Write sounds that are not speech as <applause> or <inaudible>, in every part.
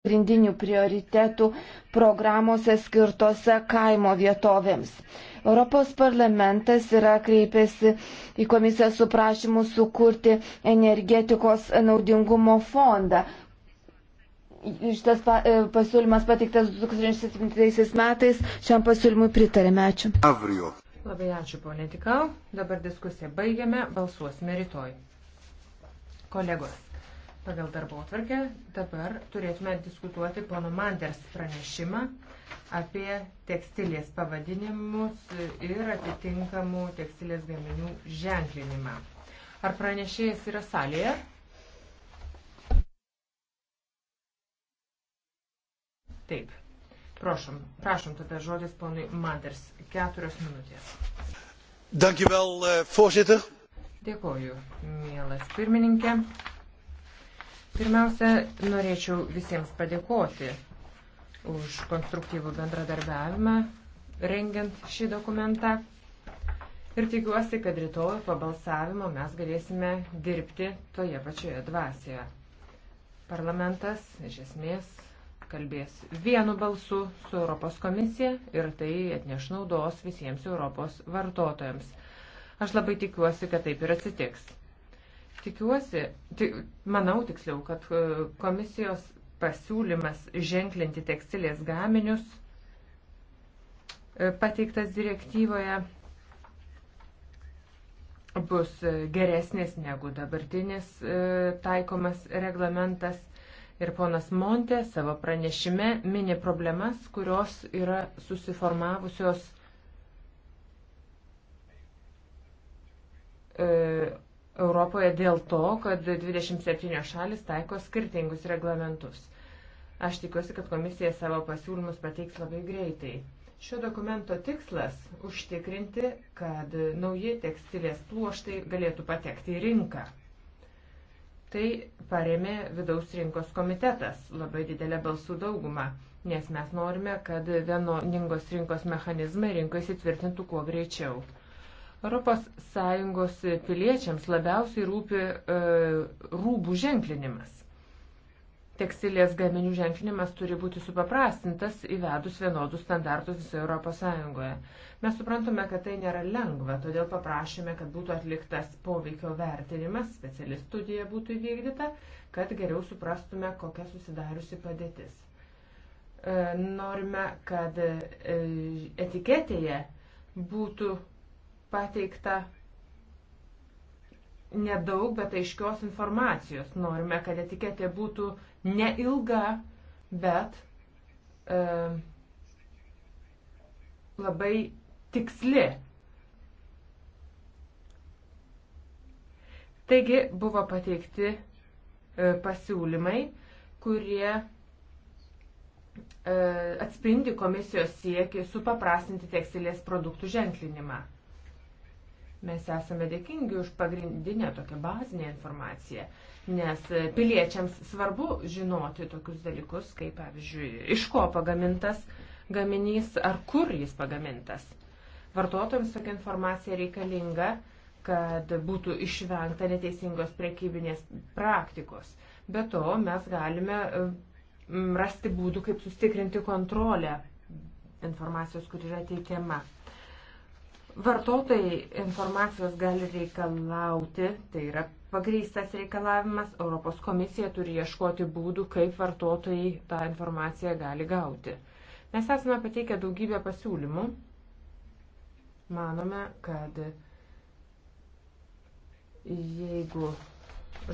pagrindinių prioritetų programuose skirtose kaimo vietovėms. Europos parlamentas yra kreipėsi į komisiją su prašymu sukurti energetikos naudingumo fondą. Šitas e, pasiūlymas pateiktas 2007 metais, šiam pasiūlymui pritarėme. Ačiū. Avrio. Labai ačiū, ponė Tikau. Dabar diskusiją baigiame, balsuosime rytoj. Kolegos pagal darbo atvarkę. Dabar turėtume diskutuoti pono Manders pranešimą apie tekstilės pavadinimus ir atitinkamų tekstilės gaminių ženklinimą. Ar pranešėjas yra salėje? Taip. Prašom, prašom tada žodis ponui Manders. Keturios minutės. Dankjewel, eh, voorzitter. Dėkoju, mielas pirmininkė. Pirmiausia, norėčiau visiems padėkoti už konstruktyvų bendradarbiavimą rengiant šį dokumentą. Ir tikiuosi, kad rytoj po balsavimo mes galėsime dirbti toje pačioje dvasioje. Parlamentas iš esmės kalbės vienu balsu su Europos komisija ir tai atneš naudos visiems Europos vartotojams. Aš labai tikiuosi, kad taip ir atsitiks. Tikiuosi, tik, manau tiksliau, kad e, komisijos pasiūlymas ženklinti tekstilės gaminius e, pateiktas direktyvoje bus e, geresnis negu dabartinis taikomas reglamentas. Ir ponas Montė savo pranešime mini problemas, kurios yra susiformavusios e, Europoje dėl to, kad 27 šalis taiko skirtingus reglamentus. Aš tikiuosi, kad komisija savo pasiūlymus pateiks labai greitai. Šio dokumento tikslas - užtikrinti, kad nauji tekstilės pluoštai galėtų patekti į rinką. Tai paremė vidaus rinkos komitetas labai didelę balsų daugumą, nes mes norime, kad vienoningos rinkos mechanizmai rinkoje įsitvirtintų kuo greičiau. ES piliečiams labiausiai rūpi e, rūbų ženklinimas. Tekstilės gaminių ženklinimas turi būti supaprastintas įvedus vienodus standartus visoje ES. Mes suprantame, kad tai nėra lengva, todėl paprašėme, kad būtų atliktas poveikio vertinimas, speciali studija būtų įvykdyta, kad geriau suprastume, kokia susidariusi padėtis. E, norime, kad e, etiketėje būtų pateikta nedaug, bet aiškios informacijos. Norime, kad etiketė būtų neilga, bet e, labai tiksli. Taigi buvo pateikti e, pasiūlymai, kurie e, atspindi komisijos siekį supaprastinti tekstilės produktų ženklinimą. Mes esame dėkingi už pagrindinę tokią bazinę informaciją, nes piliečiams svarbu žinoti tokius dalykus, kaip pavyzdžiui, iš ko pagamintas gaminys ar kur jis pagamintas. Vartotojams tokia informacija reikalinga, kad būtų išvengta neteisingos prekybinės praktikos. Be to, mes galime mm, rasti būdų, kaip sustiprinti kontrolę informacijos, kur yra teikiama. Vartotojai informacijos gali reikalauti, tai yra pagrystas reikalavimas, Europos komisija turi ieškoti būdų, kaip vartotojai tą informaciją gali gauti. Mes esame pateikę daugybę pasiūlymų. Manome, kad jeigu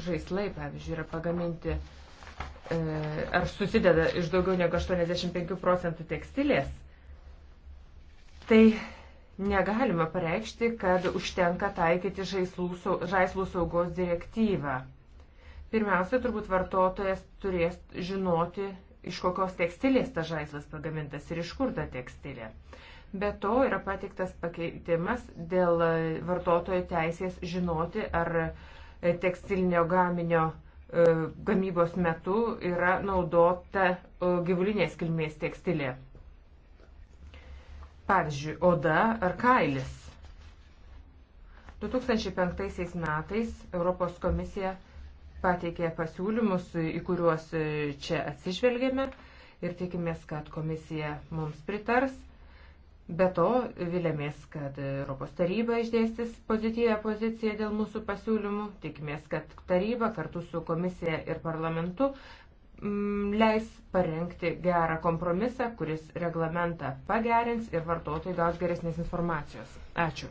žaislai, pavyzdžiui, yra pagaminti e, ar susideda iš daugiau negu 85 procentų tekstilės, tai Negalime pareikšti, kad užtenka taikyti žaislų, žaislų saugos direktyvą. Pirmiausia, turbūt vartotojas turės žinoti, iš kokios tekstilės tas žaislas pagamintas ir iš kur ta tekstilė. Be to yra patiktas pakeitimas dėl vartotojo teisės žinoti, ar tekstilinio gaminio e, gamybos metu yra naudota e, gyvulinės kilmės tekstilė. Pavyzdžiui, oda ar kailis. 2005 metais Europos komisija pateikė pasiūlymus, į kuriuos e, čia atsižvelgėme ir tikimės, kad komisija mums pritars. Be to, vilėmės, kad Europos taryba išdėstys pozityvę poziciją dėl mūsų pasiūlymų. Tikimės, kad taryba kartu su komisija ir parlamentu Mm, leis parengti gerą kompromisą, kuris reglamentą pagerins ir vartotojai gaus geresnės informacijos. Ačiū.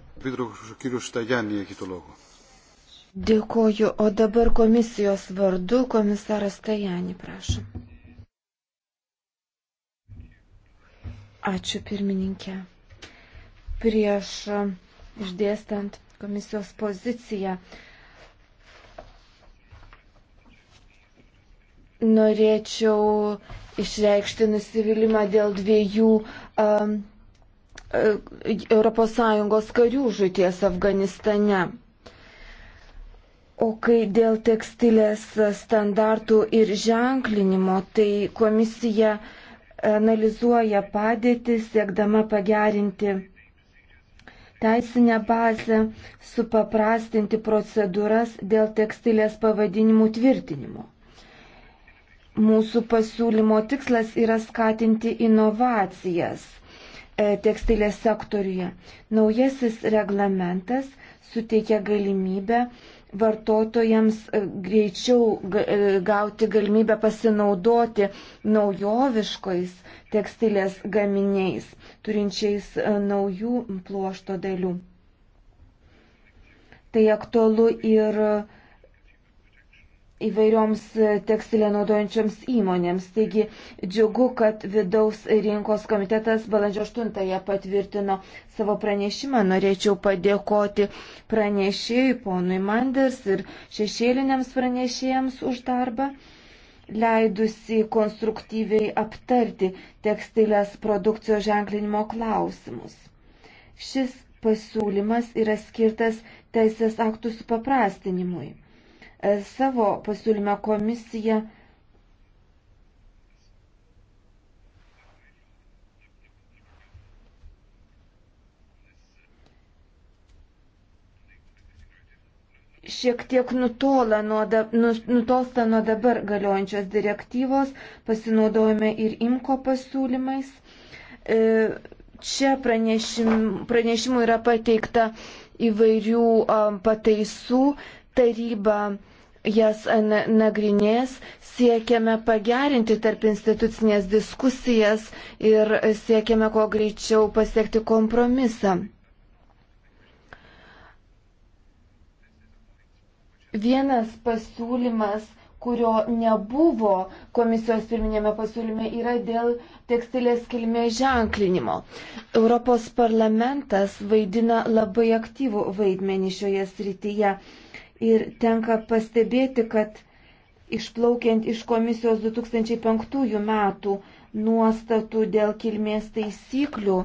Dėkoju, o dabar komisijos vardu komisaras Tajani, prašom. Ačiū pirmininkė. Prieš išdėstant komisijos poziciją, uh, norėčiau išreikšti nusivylimą dėl dviejų um, uh, ES karių žuties Afganistane. O kai dėl tekstilės standartų ir ženklinimo, tai komisija analizuoja padėtį, siekdama pagerinti teisinę bazę, supaprastinti procedūras dėl tekstilės pavadinimų tvirtinimo. Mūsų pasiūlymo tikslas yra skatinti inovacijas e, tekstilės sektoriuje. Naujasis reglamentas suteikia galimybę vartotojams e, greičiau e, gauti galimybę pasinaudoti naujoviškais tekstilės gaminiais, turinčiais naujų pluošto dalių. Tai aktualu ir uh, įvairioms e, tekstilę naudojančioms įmonėms. Taigi džiugu, kad vidaus rinkos komitetas balandžio 8-ąją patvirtino savo pranešimą. Norėčiau padėkoti pranešėjui, ponui Manders ir šešėliniams pranešėjams už darbą leidusi konstruktyviai aptarti tekstilės produkcijos ženklinimo klausimus. Šis pasiūlymas yra skirtas teisės aktų supaprastinimui Savo pasiūlymę komisija šiek tiek nutola nuo da, nu, nutolsta nuo dabar galiojančios direktyvos, pasinaudojame ir imko pasiūlymais. E, čia pranešim, pranešimų yra pateikta įvairių pataisų taryba jas nagrinės, siekiame pagerinti tarp institucinės diskusijas ir siekiame kuo greičiau pasiekti kompromisą. Vienas pasiūlymas, kurio nebuvo komisijos pirminėme pasiūlyme, yra dėl tekstilės kilmės ženklinimo. Europos parlamentas vaidina labai aktyvų vaidmenį šioje srityje ir tenka pastebėti, kad išplaukiant iš komisijos 2005 metų nuostatų dėl kilmės taisyklių,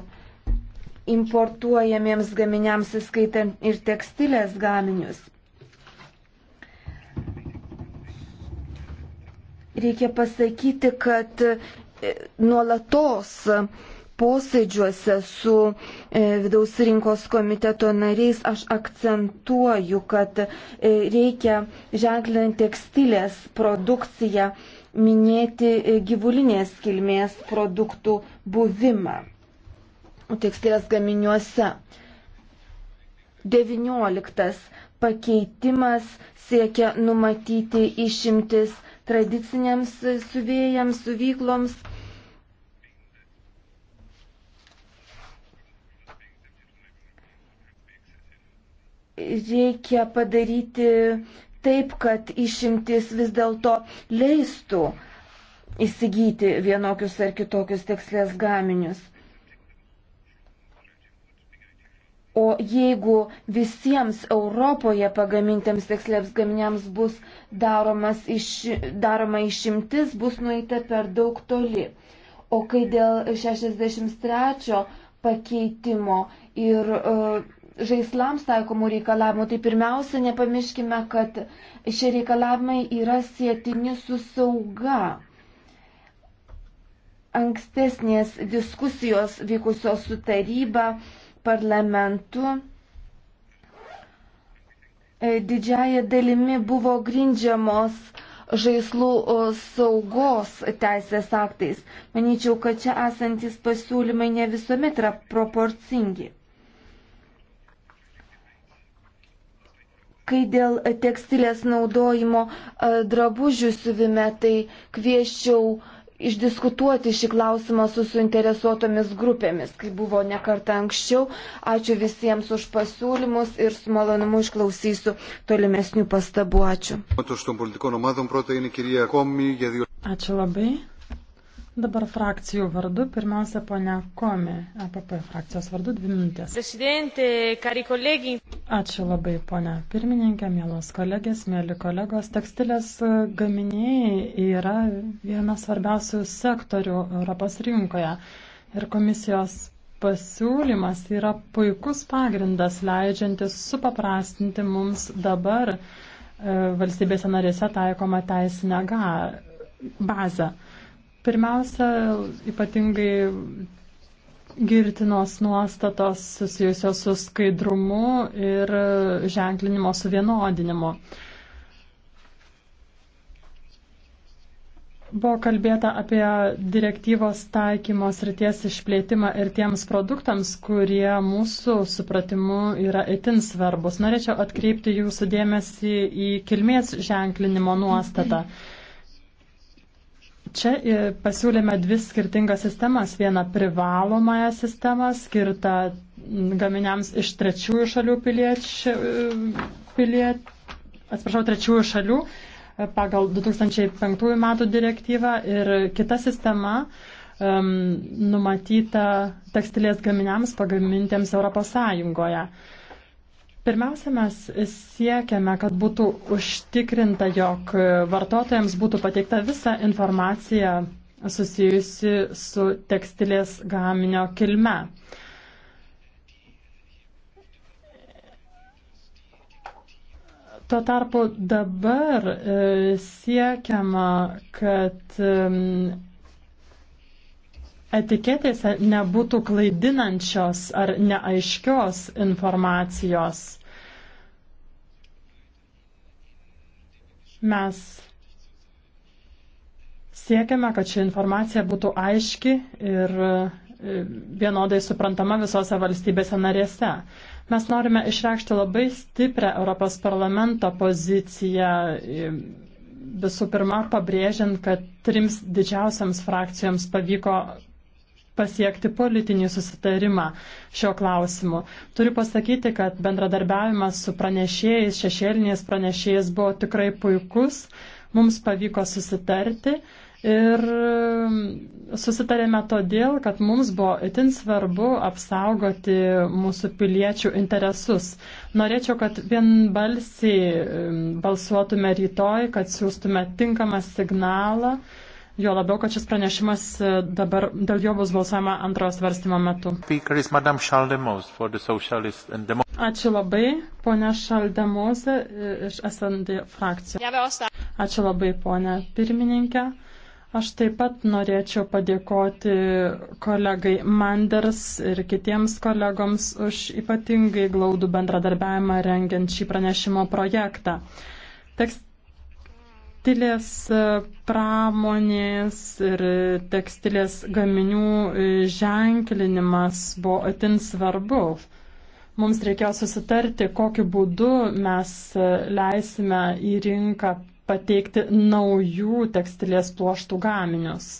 importuojamiems gaminiams, įskaitant ir tekstilės gaminius. Reikia pasakyti, kad e, nuolatos posėdžiuose su e, vidaus rinkos komiteto nariais aš akcentuoju, kad e, reikia ženklinti tekstilės produkciją, minėti e, gyvulinės kilmės produktų buvimą tekstilės gaminiuose. 19. Pakeitimas siekia numatyti išimtis tradiciniams suvėjams, suvykloms reikia padaryti taip, kad išimtis vis dėlto leistų įsigyti vienokius ar kitokius tekslės gaminius. O jeigu visiems Europoje pagamintiems tekslėms gaminiams bus iš, daroma išimtis, bus nueita per daug toli. O kai dėl 63 pakeitimo ir uh, žaislams taikomų reikalavimų, tai pirmiausia, nepamirškime, kad šie reikalavimai yra sėtini su sauga. Ankstesnės diskusijos vykusios su taryba, parlamentu e, didžiaja dalimi buvo grindžiamos žaislų saugos teisės aktais. Manyčiau, kad čia esantis pasiūlymai ne visuomet yra proporcingi. Kai dėl tekstilės naudojimo e, drabužių siuvime, tai kvieščiau išdiskutuoti šį klausimą su suinteresuotomis grupėmis, kaip buvo nekarta anksčiau. Ačiū visiems už pasiūlymus ir su malonumu išklausysiu tolimesnių pastabų. Ačiū. Ačiū labai. Dabar frakcijų vardu, pirmiausia, ponia Komi, APP e frakcijos vardu, dvi minutės. Presidente, kari kolegi. Ačiū labai, ponia pirmininkė, mielos kolegės, mėly kolegos. Tekstilės gaminiai yra vienas svarbiausių sektorių Europos rinkoje. Ir komisijos pasiūlymas yra puikus pagrindas, leidžiantis supaprastinti mums dabar e, valstybėse narėse taikomą teisinę bazę. Pirmiausia, ypatingai girtinos nuostatos susijusios su skaidrumu ir ženklinimo suvienodinimu. Buvo kalbėta apie direktyvos taikymos ryties išplėtimą ir tiems produktams, kurie mūsų supratimu yra itin svarbus. Norėčiau atkreipti jūsų dėmesį į kilmės ženklinimo nuostatą. Mhm. Čia e, pasiūlėme dvi skirtingas sistemas. Vieną privalomąją sistemą skirtą gaminiams iš trečiųjų šalių piliečių, e, piliet, atsiprašau, trečiųjų šalių e, pagal 2005 metų direktyvą ir kita sistema um, numatyta tekstilės gaminiams pagamintiems Europos Sąjungoje. Uh, Pirmiausia, mes siekiame, kad būtų užtikrinta, jog vartotojams būtų pateikta visa informacija susijusi su tekstilės gaminio kilme. Tuo tarpu dabar e, siekiama, kad etiketėse nebūtų klaidinančios ar neaiškios informacijos. Mes siekiame, kad ši informacija būtų aiški ir e, vienodai suprantama visose valstybėse narėse. Mes norime išreikšti labai stiprią Europos parlamento poziciją, e, visų pirma, pabrėžiant, kad trims didžiausiams frakcijoms pavyko pasiekti politinį susitarimą šio klausimu. Turiu pasakyti, kad bendradarbiavimas su pranešėjais, šešėliniais pranešėjais buvo tikrai puikus, mums pavyko susitarti ir um, susitarėme todėl, kad mums buvo itin svarbu apsaugoti mūsų piliečių interesus. Norėčiau, kad vienbalsiai um, balsuotume rytoj, kad siūstume tinkamą signalą Jo labiau, kad šis pranešimas e, dabar dėl jo bus balsuojama antrojo svarstymo metu. Ačiū labai, ponia Šaldemose e, iš SND frakcijos. Ačiū labai, ponia pirmininkė. Aš taip pat norėčiau padėkoti kolegai Manders ir kitiems kolegoms už ypatingai glaudų bendradarbiavimą rengiant šį pranešimo projektą. Tekst tekstilės e, pramonės ir tekstilės gaminių e, ženklinimas buvo atin svarbu. Mums reikėjo susitarti, kokiu būdu mes e, leisime į rinką pateikti naujų tekstilės pluoštų gaminius.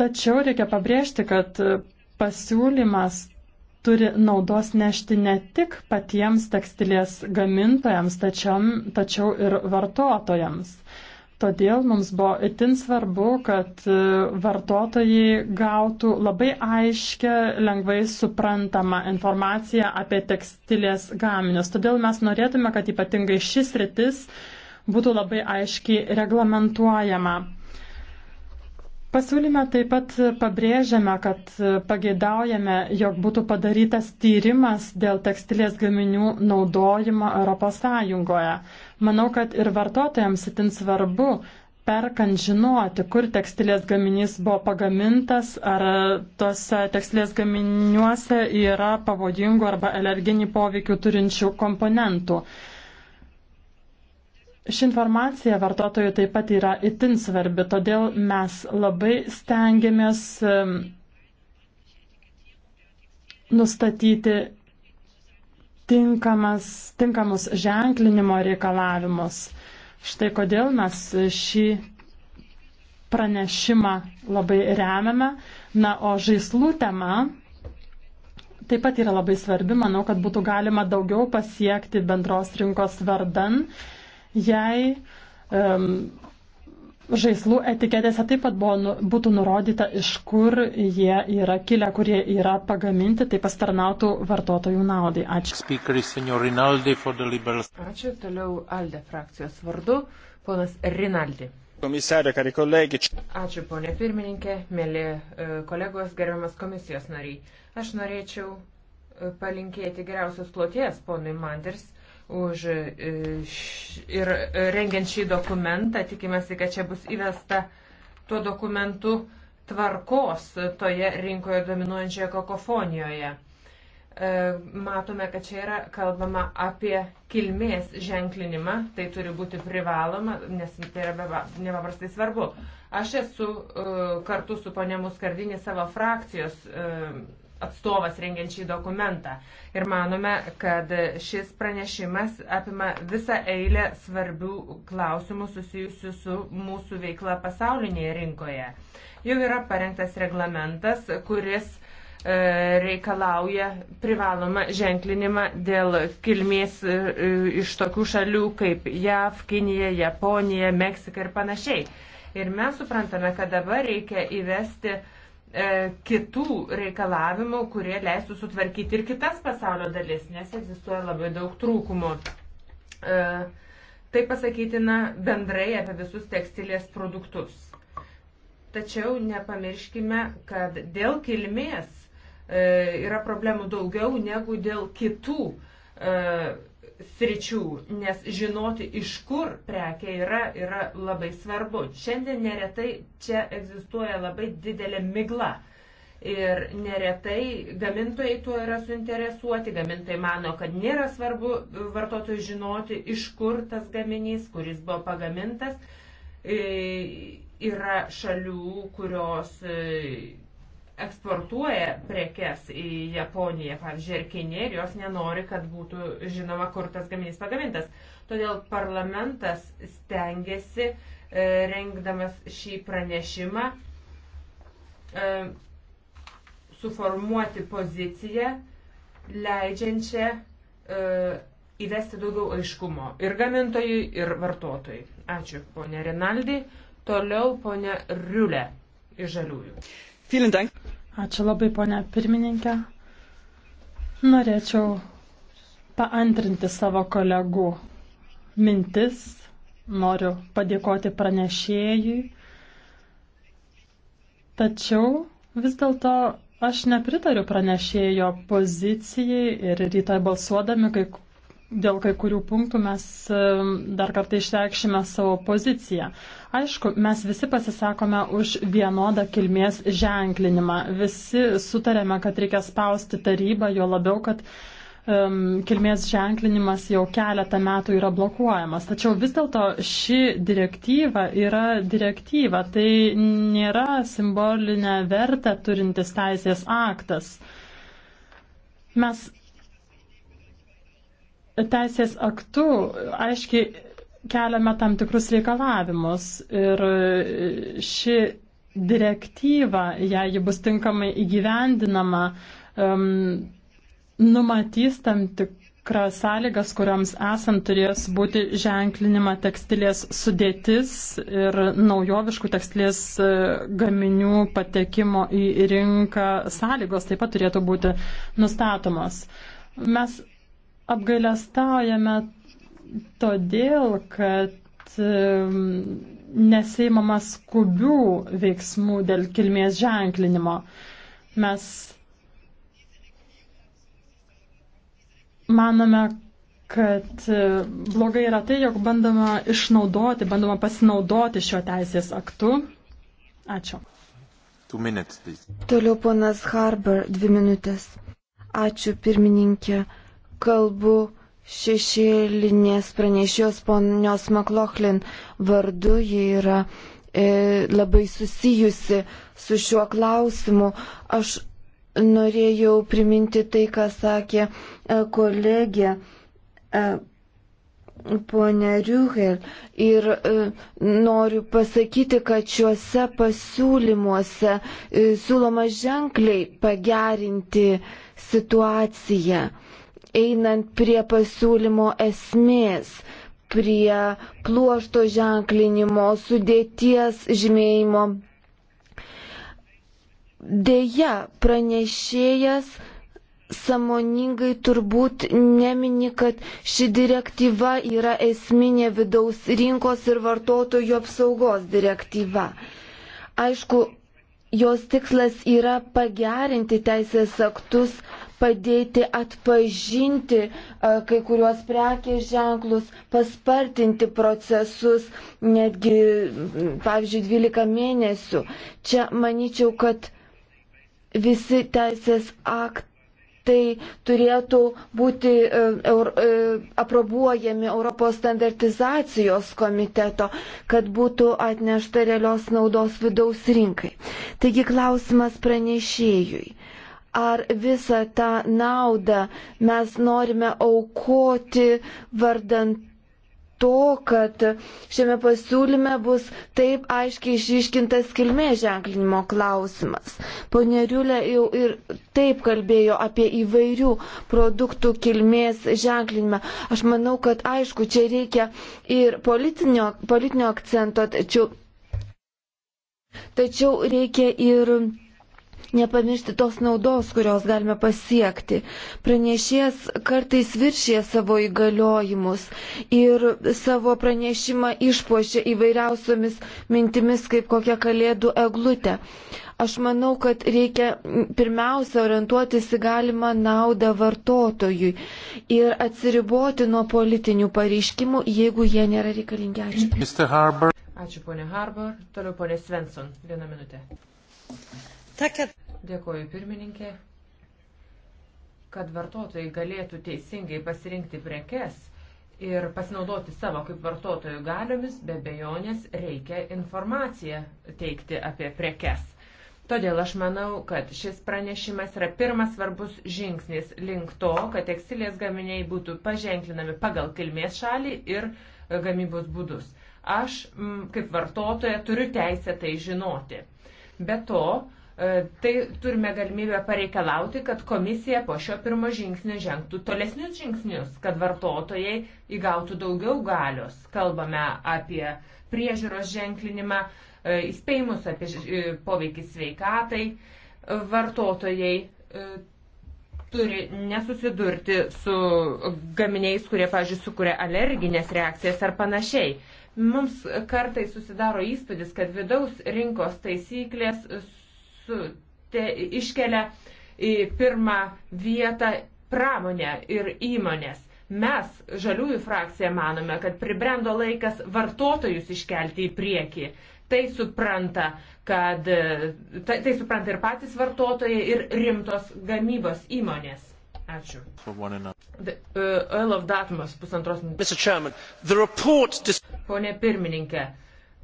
Tačiau reikia pabrėžti, kad pasiūlymas turi naudos nešti ne tik patiems tekstilės gamintojams, tačiam, tačiau ir vartotojams. Todėl mums buvo itin svarbu, kad e, vartotojai gautų labai aiškę, lengvai suprantamą informaciją apie tekstilės gaminius. Todėl mes norėtume, kad ypatingai šis rytis būtų labai aiškiai reglamentuojama. Pasiūlyme taip pat pabrėžiame, kad pageidaujame, jog būtų padarytas tyrimas dėl tekstilės gaminių naudojimo ES. Manau, kad ir vartotojams itin svarbu perkant žinoti, kur tekstilės gaminys buvo pagamintas, ar tose tekstilės gaminiuose yra pavojingų arba alerginį poveikių turinčių komponentų. Ši informacija vartotojų taip pat yra itin svarbi, todėl mes labai stengiamės nustatyti tinkamas, tinkamus ženklinimo reikalavimus. Štai kodėl mes šį pranešimą labai remiame. Na, o žaislų tema taip pat yra labai svarbi. Manau, kad būtų galima daugiau pasiekti bendros rinkos vardan jei um, žaislų etiketėse taip pat buvo, nu, būtų nurodyta, iš kur jie yra kilę, kur jie yra pagaminti, tai pastarnautų vartotojų naudai. Ačiū. Speakeris, Ačiū toliau Alde frakcijos vardu, ponas Rinaldi. Komisarė, kari kolegi. Ačiū, ponė pirmininkė, mėly e, kolegos, gerbiamas komisijos nariai. Aš norėčiau e, palinkėti geriausios ploties ponui Manders už e, ir rengiant šį dokumentą. Tikimasi, kad čia bus įvesta tuo dokumentu tvarkos toje rinkoje dominuojančioje kakofonijoje. E, matome, kad čia yra kalbama apie kilmės ženklinimą, tai turi būti privaloma, nes tai yra nepaprastai svarbu. Aš esu e, kartu su ponė Muskardinė savo frakcijos atstovas rengiant šį dokumentą. Ir manome, kad šis pranešimas apima visą eilę svarbių klausimų susijusių su mūsų veikla pasaulinėje rinkoje. Jau yra parengtas reglamentas, kuris e, reikalauja privalomą ženklinimą dėl kilmės e, e, iš tokių šalių kaip JAV, Kinija, Japonija, Meksika ir panašiai. Ir mes suprantame, kad dabar reikia įvesti uh, E, kitų reikalavimų, kurie leistų sutvarkyti ir kitas pasaulio dalis, nes egzistuoja labai daug trūkumų. E, tai pasakytina bendrai apie visus tekstilės produktus. Tačiau nepamirškime, kad dėl kilmės e, yra problemų daugiau negu dėl kitų sričių, nes žinoti, iš kur prekia yra, yra labai svarbu. Šiandien neretai čia egzistuoja labai didelė migla. Ir neretai gamintojai tuo yra suinteresuoti, gamintojai mano, kad nėra svarbu vartotojui žinoti, iš kur tas gaminys, kuris buvo pagamintas. E, yra šalių, kurios e, eksportuoja prekes į Japoniją, pavyzdžiui, ir Kiniją, ir jos nenori, kad būtų žinoma, kur tas gaminys pagamintas. Todėl parlamentas stengiasi, e, rengdamas šį pranešimą, e, suformuoti poziciją, leidžiančią e, įvesti daugiau aiškumo ir gamintojui, ir vartotojui. Ačiū, ponė Rinaldi. Toliau ponė Riulė iš Žaliųjų. Vielen Dank. Ačiū labai, ponia pirmininkė. Norėčiau paantrinti savo kolegų mintis. Noriu padėkoti pranešėjui. Tačiau vis dėlto aš nepritariu pranešėjo pozicijai ir rytoj balsuodami kai dėl kai kurių punktų mes dar kartą išreikšime savo poziciją. Aišku, mes visi pasisakome už vienodą kilmės ženklinimą. Visi sutarėme, kad reikia spausti tarybą, jo labiau, kad um, kilmės ženklinimas jau keletą metų yra blokuojamas. Tačiau vis dėlto ši direktyva yra direktyva. Tai nėra simbolinę vertę turintis teisės aktas. Mes teisės aktu aiškiai keliame tam tikrus reikalavimus ir ši direktyva, jei ji bus tinkamai įgyvendinama, um, numatys tam tikrą sąlygas, kuriams esant turės būti ženklinima tekstilės sudėtis ir naujoviškų tekstilės e, gaminių patekimo į rinką sąlygos taip pat turėtų būti nustatomos. Mes Apgailestaujame todėl, kad neseimama skubių veiksmų dėl kilmės ženklinimo. Mes manome, kad e, blogai yra tai, jog bandoma išnaudoti, bandoma pasinaudoti šio teisės aktu. Ačiū. Minutes, Toliau ponas Harber, dvi minutės. Ačiū pirmininkė kalbu šešėlinės pranešėjos ponios Makloklin vardu, ji yra e, labai susijusi su šiuo klausimu. Aš norėjau priminti tai, ką sakė e, kolegė. E, Pone Riuhel, ir e, noriu pasakyti, kad šiuose pasiūlymuose e, siūloma ženkliai pagerinti situaciją. E, einant prie pasiūlymo esmės, prie pluošto ženklinimo, sudėties žymėjimo. Deja, pranešėjas samoningai turbūt nemini, kad ši direktyva yra esminė vidaus rinkos ir vartotojų apsaugos direktyva. Aišku, jos tikslas yra pagerinti teisės aktus padėti atpažinti kai kuriuos prekės ženklus, paspartinti procesus, netgi, pavyzdžiui, 12 mėnesių. Čia manyčiau, kad visi teisės aktai tai turėtų būti e, e, aprobuojami Europos standartizacijos komiteto, kad būtų atnešta realios naudos vidaus rinkai. Taigi klausimas pranešėjui ar visą tą naudą mes norime aukoti vardant to, kad šiame pasiūlyme bus taip aiškiai išiškintas kilmės ženklinimo klausimas. Pone Riulė jau ir taip kalbėjo apie įvairių produktų kilmės ženklinimą. Aš manau, kad aišku, čia reikia ir politinio, politinio akcento, tačiau, tačiau reikia ir nepamiršti tos naudos, kurios galime pasiekti. Pranešėjas kartais viršė savo įgaliojimus ir savo pranešimą išpuošia įvairiausiomis mintimis, kaip kokia kalėdų eglutė. Aš manau, kad reikia pirmiausia orientuotis į galimą naudą vartotojui ir atsiriboti nuo politinių pareiškimų, jeigu jie nėra reikalingi. Ačiū. Ačiū, ponė Harbour. Toliau, ponė Svensson. Vieną minutę. Tak, kad Dėkoju pirmininkė. Kad vartotojai galėtų teisingai pasirinkti prekes ir pasinaudoti savo kaip vartotojų galiomis, be bejonės reikia informaciją teikti apie prekes. Todėl aš manau, kad šis pranešimas yra pirmas svarbus žingsnis link to, kad tekstilės gaminiai būtų paženklinami pagal kilmės šalį ir gamybos būdus. Aš m, kaip vartotoja turiu teisę tai žinoti. Be to, E, tai turime galimybę pareikalauti, kad komisija po šio pirmo žingsnio žengtų tolesnius žingsnius, kad vartotojai įgautų daugiau galios. Kalbame apie priežiūros ženklinimą, e, įspėjimus apie e, poveikį sveikatai. Vartotojai turi nesusidurti su gaminiais, kurie, pažiūrėjau, sukuria alerginės reakcijas ar panašiai. Mums kartai susidaro įspūdis, kad vidaus rinkos taisyklės su, te, iškelia į pirmą vietą pramonę ir įmonės. Mes, žaliųjų frakcija, manome, kad pribrendo laikas vartotojus iškelti į priekį. Tai supranta, kad, tai, tai supranta ir patys vartotojai, ir rimtos gamybos įmonės. Ačiū. Elof uh, Datmas, pusantros minutės. Pone pirmininkė,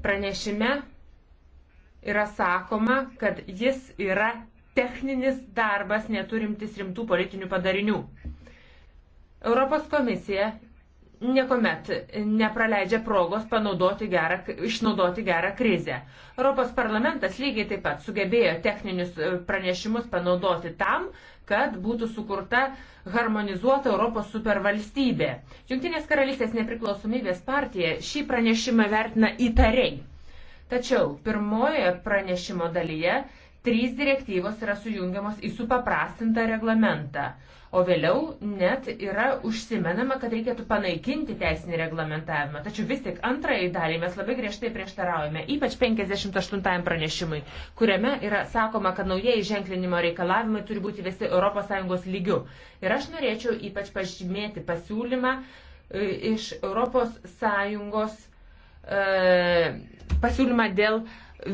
pranešime yra sakoma, kad jis yra techninis darbas neturimtis rimtų politinių padarinių. Europos komisija niekuomet nepraleidžia progos panaudoti gerą, išnaudoti gerą krizę. Europos parlamentas lygiai taip pat sugebėjo techninius e, pranešimus panaudoti tam, kad būtų sukurta harmonizuota Europos supervalstybė. Junktinės karalystės nepriklausomybės partija šį pranešimą vertina įtariai. Tačiau pirmojoje pranešimo dalyje trys direktyvos yra sujungiamos į supaprastintą reglamentą, o vėliau net yra užsimenama, kad reikėtų panaikinti teisinį reglamentavimą. Tačiau vis tik antrąjį dalį mes labai griežtai prieštaraujame, ypač 58 pranešimui, kuriame yra sakoma, kad naujieji ženklinimo reikalavimai turi būti visi ES lygių. Ir aš norėčiau ypač pažymėti pasiūlymą e, iš ES pasiūlymą dėl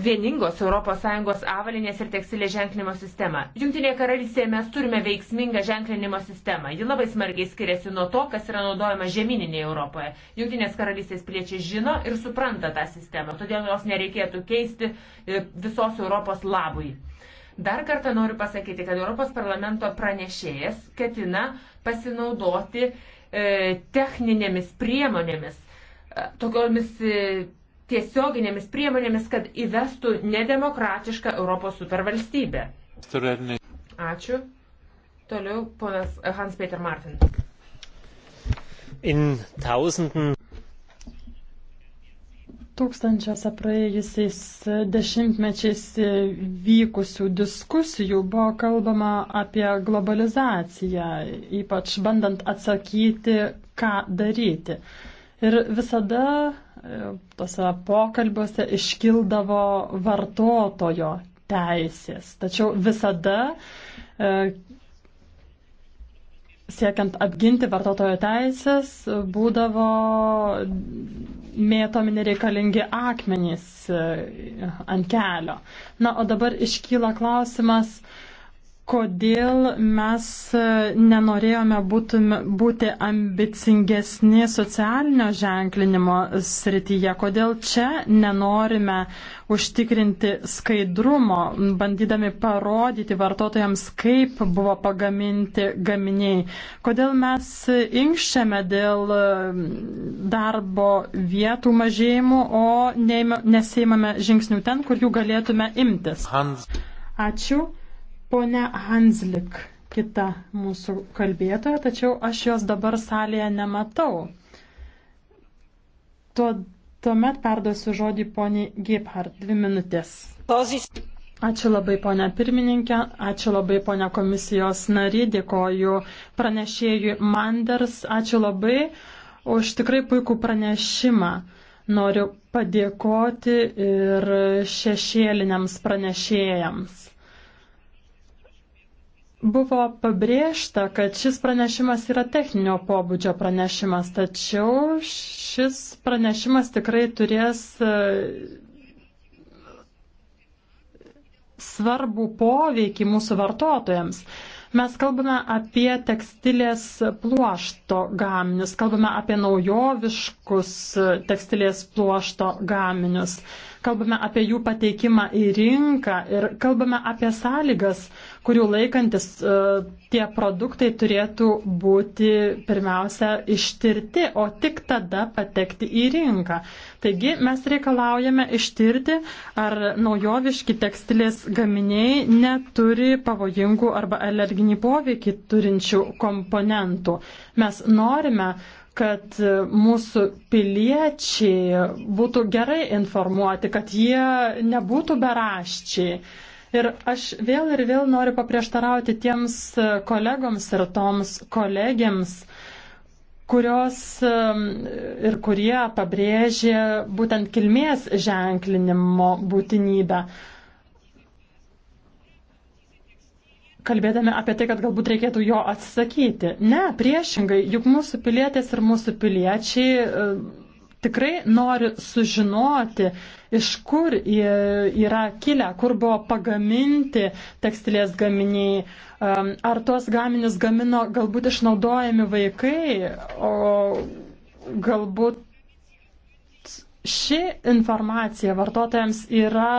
vieningos ES avalinės ir tekstilės ženklinimo sistemą. Junktinėje karalystėje mes turime veiksmingą ženklinimo sistemą. Ji labai smarkiai skiriasi nuo to, kas yra naudojama žemyninėje Europoje. Junktinės karalystės piliečiai žino ir supranta tą sistemą, todėl jos nereikėtų keisti e, visos Europos labui. Dar kartą noriu pasakyti, kad Europos parlamento pranešėjas ketina pasinaudoti e, techninėmis priemonėmis, e, tokiomis e, tiesioginėmis priemonėmis, kad įvestų nedemokratišką Europos supervalstybę. Ačiū. Toliau ponas Hans-Peter Martin. In tausenden tūkstančiuose praėjusiais dešimtmečiais vykusių diskusijų buvo kalbama apie globalizaciją, ypač bandant atsakyti, ką daryti. Ir visada E, tose pokalbiuose iškildavo vartotojo teisės. Tačiau visada e, siekiant apginti vartotojo teisės būdavo mėtomi nereikalingi akmenys e, ant kelio. Na, o dabar iškyla klausimas, uh, kodėl mes e, nenorėjome būtume, būti ambicingesni socialinio ženklinimo srityje, kodėl čia nenorime užtikrinti skaidrumo, bandydami parodyti vartotojams, kaip buvo pagaminti gaminiai, kodėl mes inkščiame dėl e, darbo vietų mažėjimų, o neima, nesėimame žingsnių ten, kur jų galėtume imtis. Hans. Ačiū. Pone Hanslik, kita mūsų kalbėtoja, tačiau aš jos dabar salėje nematau. Tuo, tuomet perduosiu žodį poniai Gebhardt. Dvi minutės. Ačiū labai, ponia pirmininkė, ačiū labai, ponia komisijos nary, dėkoju pranešėjui Manders, ačiū labai už tikrai puikų pranešimą. Noriu padėkoti ir šešėliniams pranešėjams. Buvo pabrėžta, kad šis pranešimas yra techninio pobūdžio pranešimas, tačiau šis pranešimas tikrai turės e, svarbų poveikį mūsų vartotojams. Mes kalbame apie tekstilės pluošto gaminius, kalbame apie naujoviškus e, tekstilės pluošto gaminius. Uh, kalbame apie jų pateikimą į rinką ir kalbame apie sąlygas, kurių laikantis e, tie produktai turėtų būti pirmiausia ištirti, o tik tada patekti į rinką. Taigi mes reikalaujame ištirti, ar naujoviški tekstilės gaminiai neturi pavojingų arba alerginį poveikį turinčių komponentų. Mes norime, kad mūsų piliečiai būtų gerai informuoti, kad jie nebūtų beraščiai. Ir aš vėl ir vėl noriu paprieštarauti tiems kolegoms ir toms kolegiams, kurios um, ir kurie pabrėžė būtent kilmės ženklinimo būtinybę. kalbėdami apie tai, kad galbūt reikėtų jo atsisakyti. Ne, priešingai, juk mūsų pilietės ir mūsų piliečiai e, tikrai nori sužinoti, iš kur yra kilę, kur buvo pagaminti tekstilės gaminiai, e, ar tuos gaminius gamino galbūt išnaudojami vaikai, o galbūt ši informacija vartotojams yra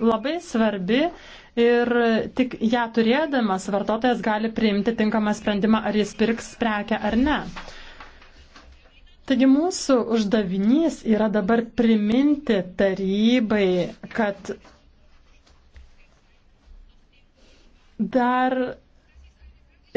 labai svarbi ir tik ją turėdamas vartotojas gali priimti tinkamą sprendimą, ar jis pirks prekę ar ne. Taigi mūsų uždavinys yra dabar priminti tarybai, kad dar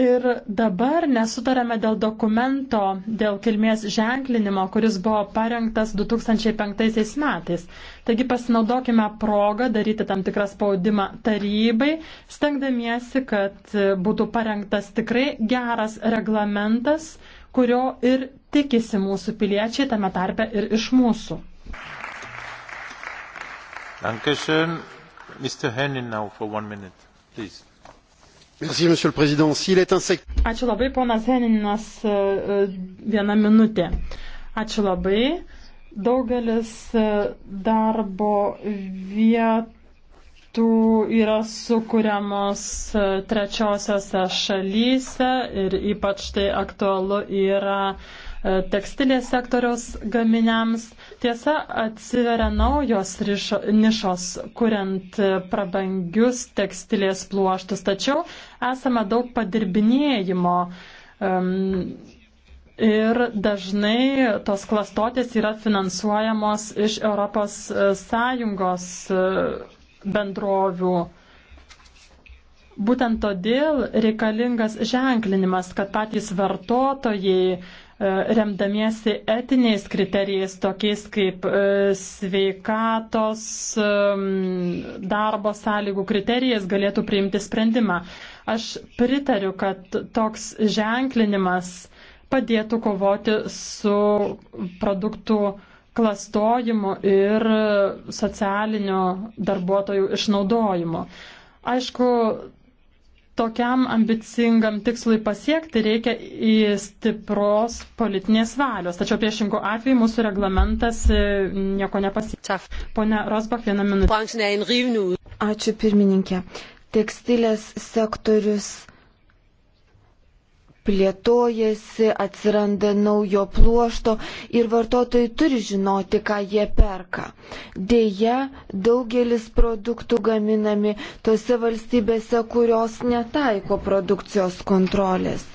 Ir dabar nesutarėme dėl dokumento, dėl kilmės ženklinimo, kuris buvo parengtas 2005 metais. Taigi pasinaudokime progą daryti tam tikrą spaudimą tarybai, stengdamiesi, kad būtų parengtas tikrai geras reglamentas, kurio ir tikisi mūsų piliečiai, tame tarpe ir iš mūsų. Dankeschön. Mr. Henning now for one minute, please. Ačiū labai, ponas Heninas, e, e, vieną minutę. Ačiū labai. Daugelis e, darbo vietų yra sukūriamos trečiosiose šalyse ir ypač tai aktualu yra tekstilės sektoriaus gaminiams. Tiesa, atsiveria naujos rišo, nišos, kuriant prabangius tekstilės pluoštus, tačiau esame daug padirbinėjimo. Um, Ir dažnai tos klastotės yra finansuojamos iš ES e, e, bendrovių. Būtent todėl reikalingas ženklinimas, kad patys vartotojai E, remdamiesi etiniais kriterijais, tokiais kaip e, sveikatos, e, darbo sąlygų kriterijais, galėtų priimti sprendimą. Aš pritariu, kad toks ženklinimas padėtų kovoti su produktų klastojimu ir socialiniu darbuotojų išnaudojimu. Aišku, tokiam ambicingam tikslui pasiekti reikia į stipros politinės valios. Tačiau priešingų atveju mūsų reglamentas e, nieko nepasiekia. Pone Rosbach, vieną minutę. Ačiū pirmininkė. Tekstilės sektorius plėtojasi, atsiranda naujo pluošto ir vartotojai turi žinoti, ką jie perka. Deja, daugelis produktų gaminami tose valstybėse, kurios netaiko produkcijos kontrolės.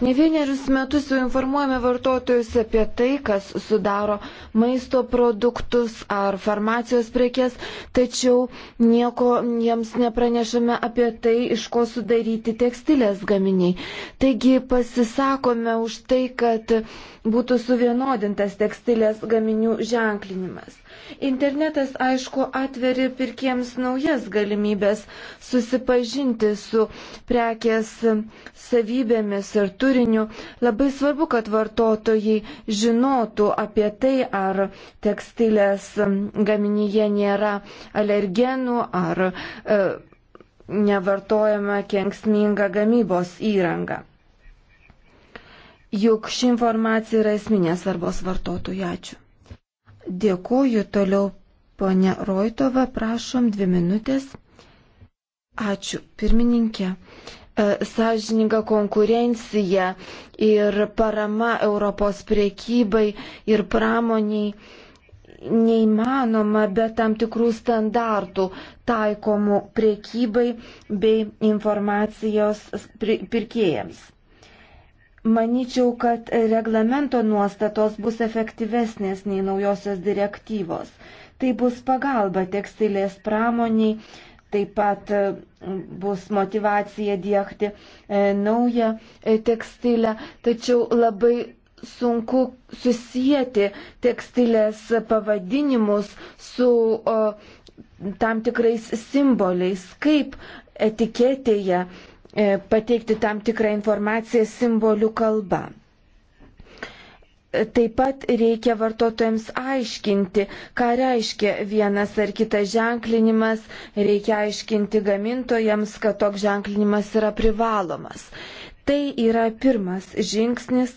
Ne vienerius metus jau informuojame vartotojus apie tai, kas sudaro maisto produktus ar farmacijos prekes, tačiau nieko jiems nepranešame apie tai, iš ko sudaryti tekstilės gaminiai. Taigi pasisakome už tai, kad būtų suvienodintas tekstilės gaminių ženklinimas. Internetas, aišku, atveri pirkiems naujas galimybės susipažinti su prekės savybėmis ir turiniu. Labai svarbu, kad vartotojai žinotų apie tai, ar tekstilės gaminyje nėra alergenų, ar e, nevartojama kenksminga gamybos įranga. Juk ši informacija yra esminės svarbos vartotojai. Ačiū. Dėkoju toliau, ponė Roitova, prašom dvi minutės. Ačiū, pirmininkė. E, Sažininga konkurencija ir parama Europos priekybai ir pramoniai neįmanoma be tam tikrų standartų taikomų priekybai bei informacijos pirkėjams. Maničiau, kad reglamento nuostatos bus efektyvesnės nei naujosios direktyvos. Tai bus pagalba tekstilės pramoniai, taip pat e, bus motivacija dėkti e, naują e, tekstilę, tačiau labai sunku susijęti tekstilės pavadinimus su o, tam tikrais simboliais, kaip etiketėje E, pateikti tam tikrą informaciją simbolių kalba. Taip pat reikia vartotojams aiškinti, ką reiškia vienas ar kitas ženklinimas, reikia aiškinti gamintojams, kad toks ženklinimas yra privalomas. Tai yra pirmas žingsnis,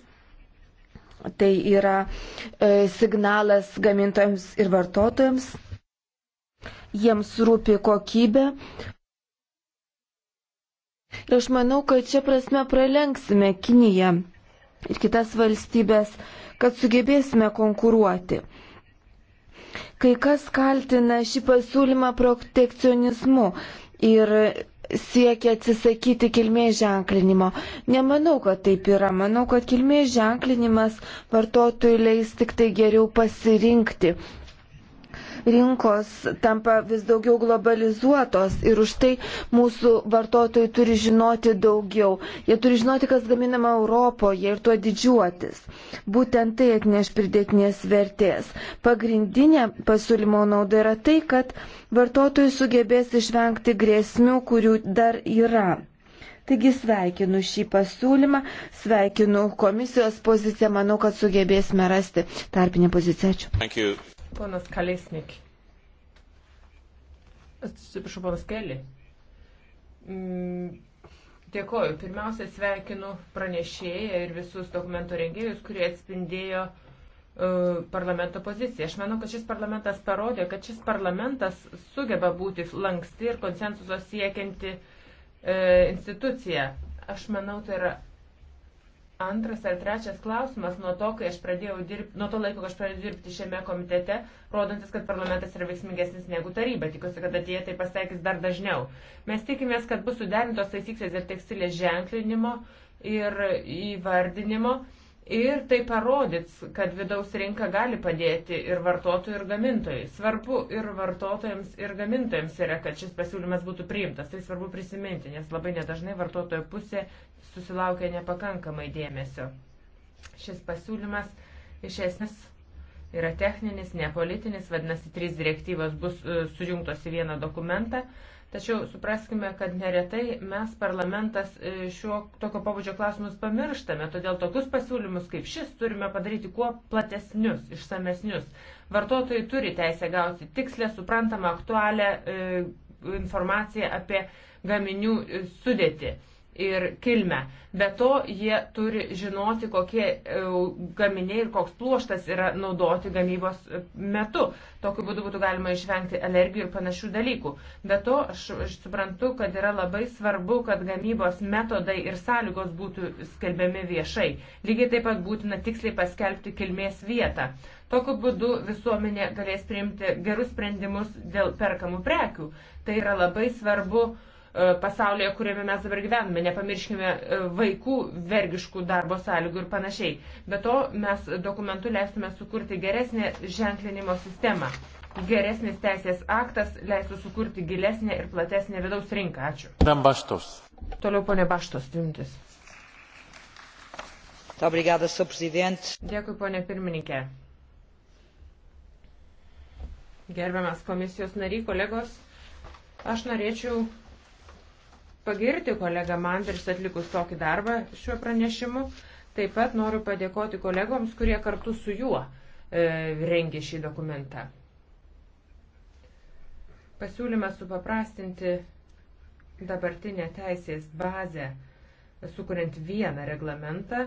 tai yra e, signalas gamintojams ir vartotojams, jiems rūpi kokybė, Ir aš manau, kad čia prasme pralenksime Kiniją ir kitas valstybės, kad sugebėsime konkuruoti. Kai kas kaltina šį pasiūlymą protekcionizmu ir siekia atsisakyti kilmės ženklinimo. Nemanau, kad taip yra. Manau, kad kilmės ženklinimas vartotojui leis tik tai geriau pasirinkti rinkos tampa vis daugiau globalizuotos ir už tai mūsų vartotojai turi žinoti daugiau. Jie turi žinoti, kas gaminama Europoje ir tuo didžiuotis. Būtent tai atneš pridėtinės vertės. Pagrindinė pasiūlymo nauda yra tai, kad vartotojai sugebės išvengti grėsmių, kurių dar yra. Taigi sveikinu šį pasiūlymą, sveikinu komisijos poziciją, manau, kad sugebėsime rasti tarpinę poziciją. Ačiū. Ponas Kalesnik. Atsiprašau, ponas Keli. Mm, dėkoju. Pirmiausia, sveikinu pranešėją ir visus dokumento rengėjus, kurie atspindėjo e, parlamento poziciją. Aš manau, kad šis parlamentas parodė, kad šis parlamentas sugeba būti lanksti ir konsensuso siekianti e, institucija. Aš manau, tai yra antras ar trečias klausimas nuo to, kai aš pradėjau dirbti, nuo to laiko, kai aš pradėjau dirbti šiame komitete, rodantis, kad parlamentas yra veiksmingesnis negu taryba. Tikiuosi, kad ateityje tai pasitaikys dar dažniau. Mes tikimės, kad bus suderintos taisyklės ir tekstilės ženklinimo ir įvardinimo Ir tai parodys, kad vidaus rinka gali padėti ir vartotojui, ir gamintojui. Svarbu ir vartotojams, ir gamintojams yra, kad šis pasiūlymas būtų priimtas. Tai svarbu prisiminti, nes labai nedažnai vartotojo pusė susilaukia nepakankamai dėmesio. Šis pasiūlymas iš esmės yra techninis, nepolitinis, vadinasi, trys direktyvos bus e, sujungtos į vieną dokumentą. Uh, Tačiau supraskime, kad neretai mes parlamentas e, šio tokio pabudžio klausimus pamirštame, todėl tokius pasiūlymus kaip šis turime padaryti kuo platesnius, išsamesnius. Vartotojai turi teisę gauti tikslę, suprantamą, aktualią e, informaciją apie gaminių e, sudėtį ir kilmę. Be to, jie turi žinoti, kokie e, gaminiai ir koks pluoštas yra naudoti gamybos e, metu. Tokiu būdu būtų galima išvengti alergijų ir panašių dalykų. Be to, aš, aš suprantu, kad yra labai svarbu, kad gamybos metodai ir sąlygos būtų skelbiami viešai. Lygiai taip pat būtina tiksliai paskelbti kilmės vietą. Tokiu būdu visuomenė galės priimti gerus sprendimus dėl perkamų prekių. Tai yra labai svarbu uh, E, pasaulyje, kuriame mes dabar gyvename. Nepamirškime e, vaikų vergiškų darbo sąlygų ir panašiai. Be to, mes dokumentu leisime sukurti geresnę ženklinimo sistemą. Geresnis teisės aktas leistų sukurti gilesnę ir platesnę vidaus rinką. Ačiū. Toliau ponė Baštos, jumtis. Obrigada, Sr. Presidente. Dėkui, ponė pirmininkė. Gerbiamas komisijos nariai, kolegos, aš norėčiau pagirti kolegą Mandris atlikus tokį darbą šiuo pranešimu. Taip pat noriu padėkoti kolegoms, kurie kartu su juo e, rengė šį dokumentą. Pasiūlymas supaprastinti dabartinę teisės bazę, sukuriant vieną reglamentą,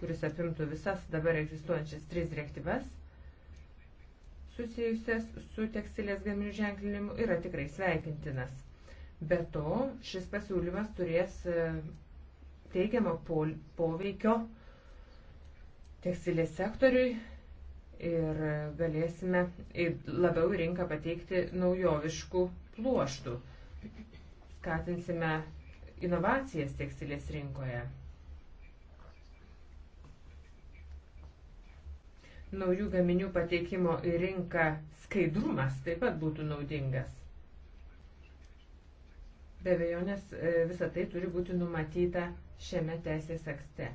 kuris apimtų visas dabar egzistuojančias tris direktyvas, susijusias su tekstilės gaminių ženklinimu, yra tikrai sveikintinas. Be to, šis pasiūlymas turės e, teigiamą poveikio tekstilės sektoriui ir galėsime labiau į rinką pateikti naujoviškų pluoštų. Skatinsime inovacijas tekstilės rinkoje. Naujų gaminių pateikimo į rinką skaidrumas taip pat būtų naudingas. Be abejonės e, visą tai turi būti numatyta šiame teisės akste.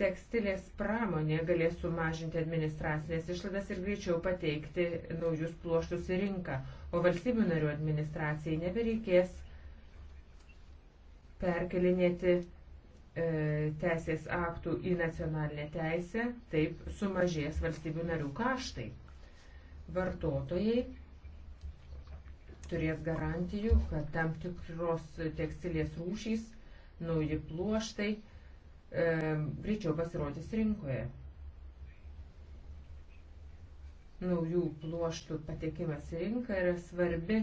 Tekstilės pramonė galės sumažinti administracinės išlaidas ir greičiau pateikti naujus pluoštus į rinką, o valstybių narių administracijai nebereikės perkelinėti e, teisės aktų į nacionalinę teisę, taip sumažės valstybių narių kaštai. Vartotojai turės garantijų, kad tam tikros tekstilės rūšys, nauji pluoštai, e, greičiau e, pasirodys rinkoje. Naujų pluoštų patekimas į rinką yra svarbi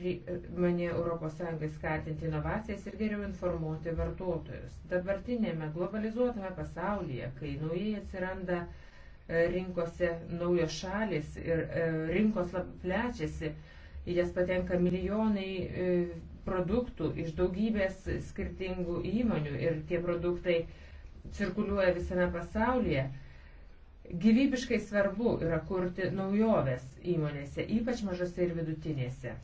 e, mane ES skatinti inovacijas ir geriau informuoti vartotojus. Dabartinėme globalizuotame pasaulyje, kai naujai atsiranda e, rinkose naujos šalis ir rinkos plečiasi, į jas patenka milijonai e, produktų iš daugybės skirtingų įmonių ir tie produktai cirkuliuoja visame pasaulyje. Gyvybiškai svarbu yra kurti naujoves įmonėse, ypač mažose ir vidutinėse.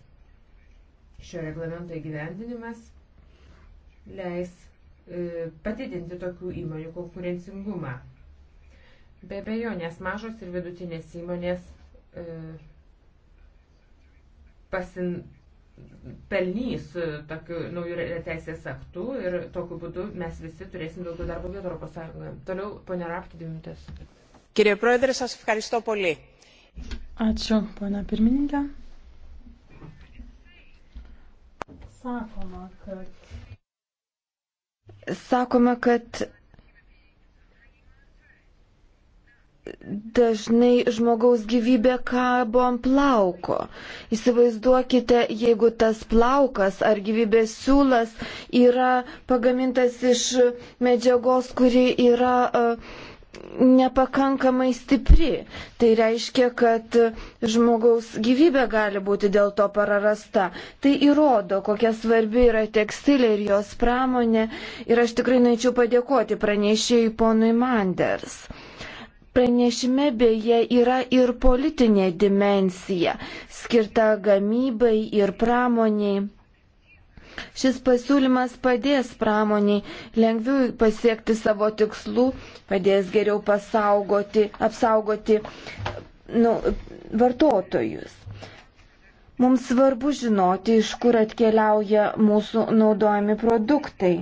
Šio reglamento įgyvendinimas leis e, padidinti tokių įmonių konkurencingumą. Be bejonės mažos ir vidutinės įmonės e, pasin, pelnys tokių naujų teisės aktų ir tokiu būdu mes visi turėsim daugiau darbo vietų Europos Sąjungoje. Toliau, ponė Rapti, dvi minutės. Kirie Proedrė, aš ευχαριστώ πολύ. Ačiū, ponia pirmininkė. Sakoma, kad. Sakoma, kad dažnai žmogaus gyvybė kabo ant plauko. Įsivaizduokite, jeigu tas plaukas ar gyvybės siūlas yra pagamintas iš medžiagos, kuri yra uh, nepakankamai stipri. Tai reiškia, kad žmogaus gyvybė gali būti dėl to prarasta. Tai įrodo, kokia svarbi yra tekstilė ir jos pramonė. Ir aš tikrai norėčiau padėkoti pranešėjui ponui Manders. Pranešime beje yra ir politinė dimensija, skirta gamybai ir pramoniai. Šis pasiūlymas padės pramoniai lengviau pasiekti savo tikslų, padės geriau pasaugoti, apsaugoti nu, vartotojus. Mums svarbu žinoti, iš kur atkeliauja mūsų naudojami produktai.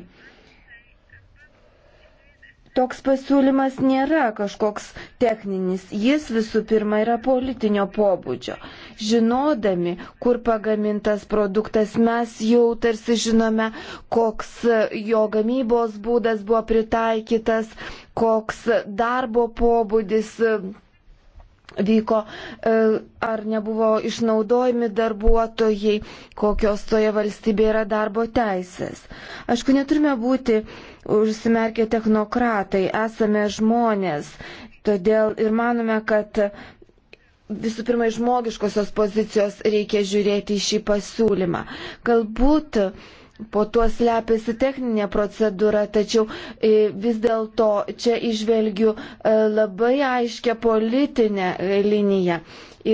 Toks pasiūlymas nėra kažkoks techninis, jis visų pirma yra politinio pobūdžio. Žinodami, kur pagamintas produktas, mes jau tarsi žinome, koks jo gamybos būdas buvo pritaikytas, koks darbo pobūdis e, vyko, e, ar nebuvo išnaudojami darbuotojai, kokios toje valstybėje yra darbo teisės. Aišku, neturime būti užsimerkia technokratai, esame žmonės. Todėl ir manome, kad visų pirma, žmogiškosios pozicijos reikia žiūrėti į šį pasiūlymą. Galbūt po tuo slepiasi techninė procedūra, tačiau e, vis dėlto čia išvelgiu e, labai aiškę politinę e, liniją.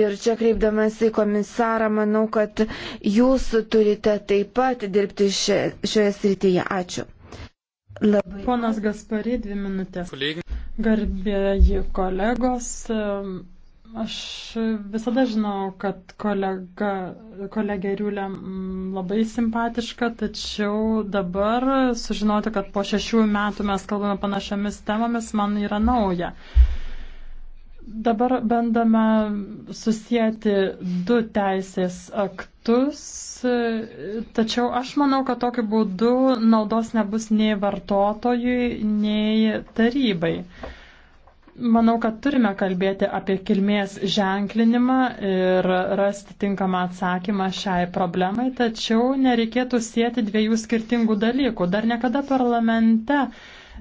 Ir čia kreipdamas į komisarą, manau, kad jūs turite taip pat dirbti šioje srityje. Ačiū. Labai. Ponas Gaspari, dvi minutės. Kolegin. Garbėjai kolegos, aš visada žinau, kad kolega, kolegė Riulė mm, labai simpatiška, tačiau dabar sužinoti, kad po šešių metų mes kalbame panašiamis temomis, man yra nauja. Dabar bandome susijęti du teisės aktus, tačiau aš manau, kad tokiu būdu naudos nebus nei vartotojui, nei tarybai. Manau, kad turime kalbėti apie kilmės ženklinimą ir rasti tinkamą atsakymą šiai problemai, tačiau nereikėtų sėti dviejų skirtingų dalykų. Dar niekada parlamente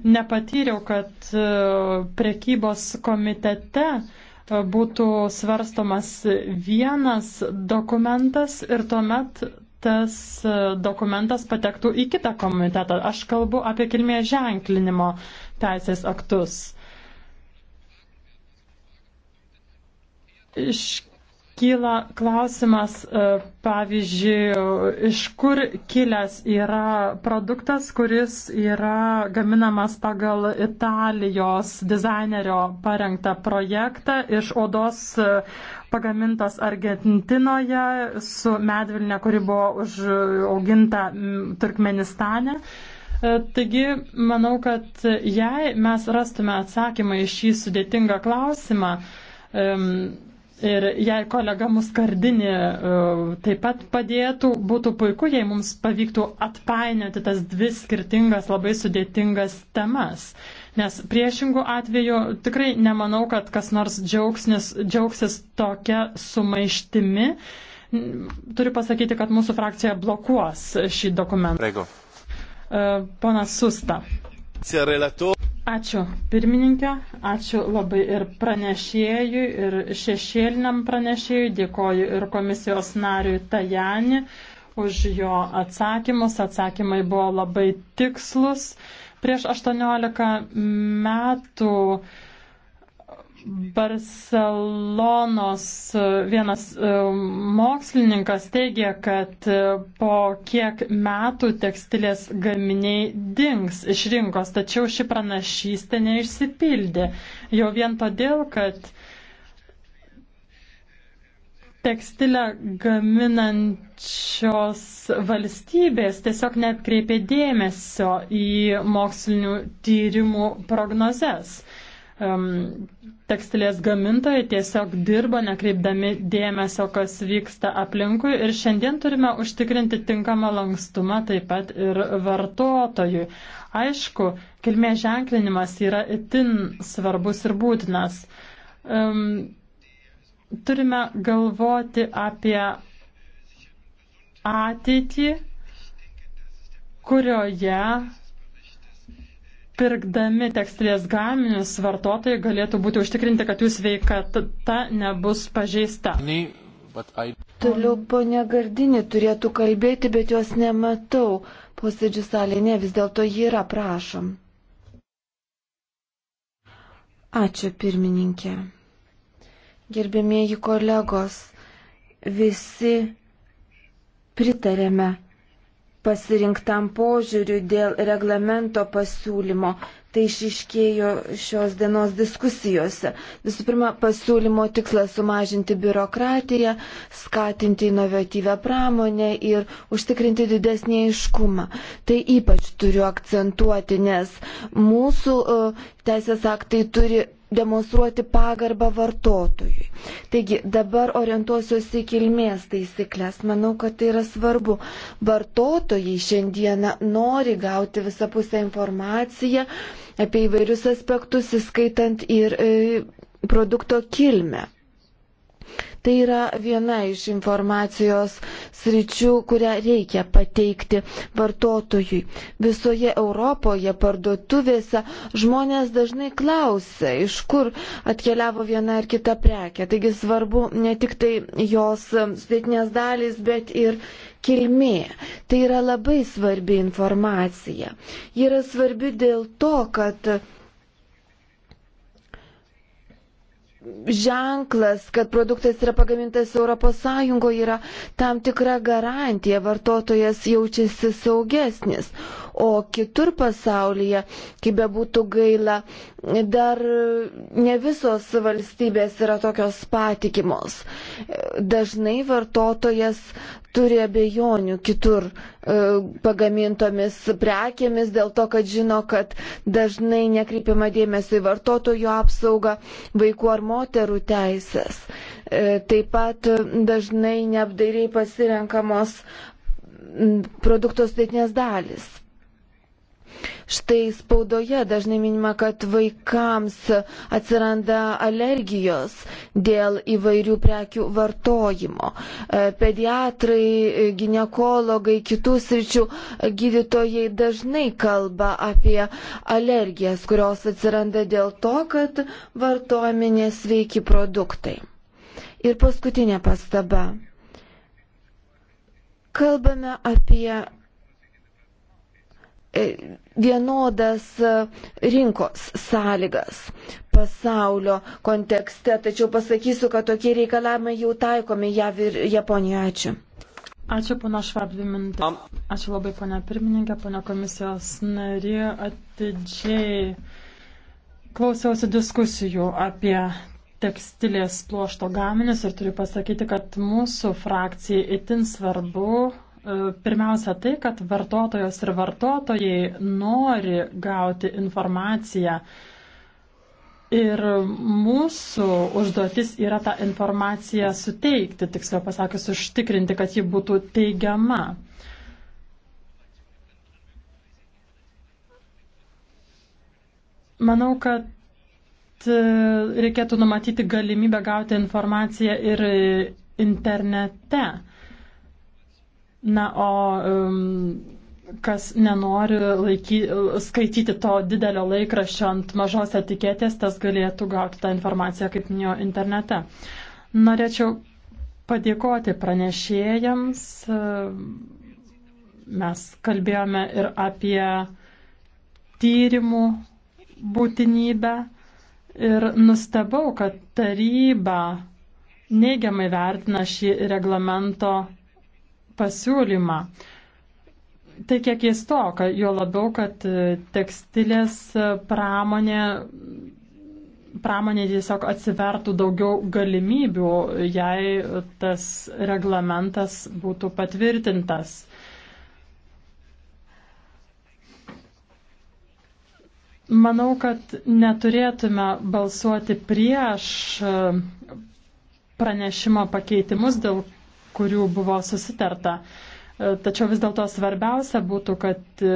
nepatyriau, kad e, prekybos komitete e, būtų svarstomas vienas dokumentas ir tuomet tas e, dokumentas patektų į kitą komitetą. Aš kalbu apie kilmės ženklinimo teisės aktus. Iš kyla klausimas, e, pavyzdžiui, iš kur kilęs yra produktas, kuris yra gaminamas pagal Italijos dizainerio parengtą projektą iš odos e, pagamintas Argentinoje su medvilne, kuri buvo užauginta Turkmenistane. E, taigi, manau, kad jei mes rastume atsakymą į šį sudėtingą klausimą, um, Ir jei kolega Muskardinė e, taip pat padėtų, būtų puiku, jei mums pavyktų atpainioti tas dvi skirtingas, labai sudėtingas temas. Nes priešingų atveju tikrai nemanau, kad kas nors džiaugsnis, džiaugsis tokia sumaištimi. Turiu pasakyti, kad mūsų frakcija blokuos šį dokumentą. Prego. E, ponas Susta. Ačiū pirmininkė, ačiū labai ir pranešėjui, ir šešėliniam pranešėjui, dėkoju ir komisijos nariui Tajani už jo atsakymus. Atsakymai buvo labai tikslus. Prieš 18 metų Barcelonos vienas e, mokslininkas teigia, kad e, po kiek metų tekstilės gaminiai dings iš rinkos, tačiau ši pranašystė neišsipildė. Jau vien todėl, kad tekstilę gaminančios valstybės tiesiog netkreipė dėmesio į mokslinių tyrimų prognozes um, tekstilės gamintojai tiesiog dirba, nekreipdami dėmesio, kas vyksta aplinkui. Ir šiandien turime užtikrinti tinkamą lankstumą taip pat ir vartotojui. Aišku, kilmės ženklinimas yra itin svarbus ir būtinas. Um, turime galvoti apie ateitį, kurioje pirkdami tekstilės gaminius vartotojai galėtų būti užtikrinti, kad jų sveikata nebus pažeista. I... Toliau ponia Gardinė turėtų kalbėti, bet jos nematau. Posėdžių salė ne, vis dėlto ji yra, prašom. Ačiū pirmininkė. Gerbėmėji kolegos, visi pritarėme pasirinktam požiūriu dėl reglamento pasiūlymo. Tai išiškėjo šios dienos diskusijose. Visų pirma, pasiūlymo tikslas sumažinti biurokratiją, skatinti inovatyvę pramonę ir užtikrinti didesnį aiškumą. Tai ypač turiu akcentuoti, nes mūsų uh, teisės aktai turi demonstruoti pagarbą vartotojui. Taigi dabar orientuosiuosi į kilmės taisyklės. Manau, kad tai yra svarbu. Vartotojai šiandieną nori gauti visapusę informaciją apie įvairius aspektus, įskaitant ir e, produkto kilmę. Tai yra viena iš informacijos sričių, kurią reikia pateikti vartotojui. Visoje Europoje parduotuvėse žmonės dažnai klausia, iš kur atkeliavo viena ar kita prekė. Taigi svarbu ne tik tai jos sudėtinės dalys, bet ir kilmė. Tai yra labai svarbi informacija. Ji yra svarbi dėl to, kad ženklas, kad produktas yra pagamintas ES, yra tam tikra garantija, vartotojas jaučiasi saugesnis o kitur pasaulyje, kaip bebūtų gaila, dar ne visos valstybės yra tokios patikimos. Dažnai vartotojas turi abejonių kitur e, pagamintomis prekėmis dėl to, kad žino, kad dažnai nekreipiama dėmesio į vartotojų apsaugą, vaikų ar moterų teisės. E, taip pat dažnai neapdairiai pasirenkamos produktos teitinės dalis. Štai spaudoje dažnai minima, kad vaikams atsiranda alergijos dėl įvairių prekių vartojimo. E, pediatrai, e, gynekologai, kitų sričių e, gydytojai dažnai kalba apie alergijas, kurios atsiranda dėl to, kad vartojami nesveiki produktai. Ir paskutinė pastaba. Kalbame apie E, vienodas e, rinkos sąlygas pasaulio kontekste, tačiau pasakysiu, kad tokie reikalavimai jau taikomi JAV ir Japonijoje. Ačiū. Ačiū, pana Švabdimintė. Ačiū labai, pana pirmininkė, pana komisijos narė. Atidžiai klausiausi diskusijų apie tekstilės pluošto gaminius ir turiu pasakyti, kad mūsų frakcijai itin svarbu E, pirmiausia tai, kad vartotojos ir vartotojai nori gauti informaciją. Ir mūsų užduotis yra tą informaciją suteikti, tiksliau pasakius, užtikrinti, kad ji būtų teigiama. Manau, kad e, reikėtų numatyti galimybę gauti informaciją ir internete. Na, o um, kas nenori laiky, skaityti to didelio laikraščio ant mažos etiketės, tas galėtų gauti tą informaciją, kaip minėjo, internete. Norėčiau padėkoti pranešėjams. Mes kalbėjome ir apie tyrimų būtinybę ir nustebau, kad taryba neigiamai vertina šį reglamento pasiūlymą. Tai kiek keistoka, jo labiau, kad e, tekstilės e, pramonė, pramonė tiesiog atsivertų daugiau galimybių, jei tas reglamentas būtų patvirtintas. Manau, kad neturėtume balsuoti prieš e, pranešimo pakeitimus, dėl kurių buvo susitarta. E, tačiau vis dėlto svarbiausia būtų, kad e,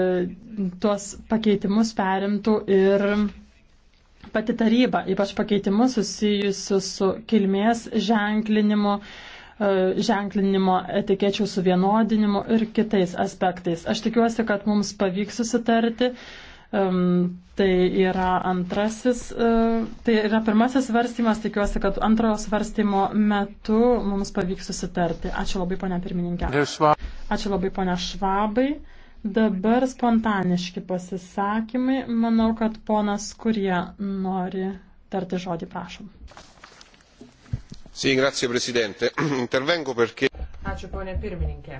tuos pakeitimus perimtų ir pati taryba, ypač pakeitimus susijusius su kilmės ženklinimu, e, ženklinimo etikečių suvienodinimu ir kitais aspektais. Aš tikiuosi, kad mums pavyks susitarti. Tai yra antrasis, e, tai yra pirmasis svarstymas, tikiuosi, kad antrojo svarstymo metu mums pavyks susitarti. Ačiū labai, ponia pirmininkė. Ačiū labai, ponia Švabai. Dabar spontaniški pasisakymai. Manau, kad ponas, kurie nori tarti žodį, prašom. Sì, grazie Presidente. <clears throat> Intervengo perché. Ačiū, ponė pirmininkė.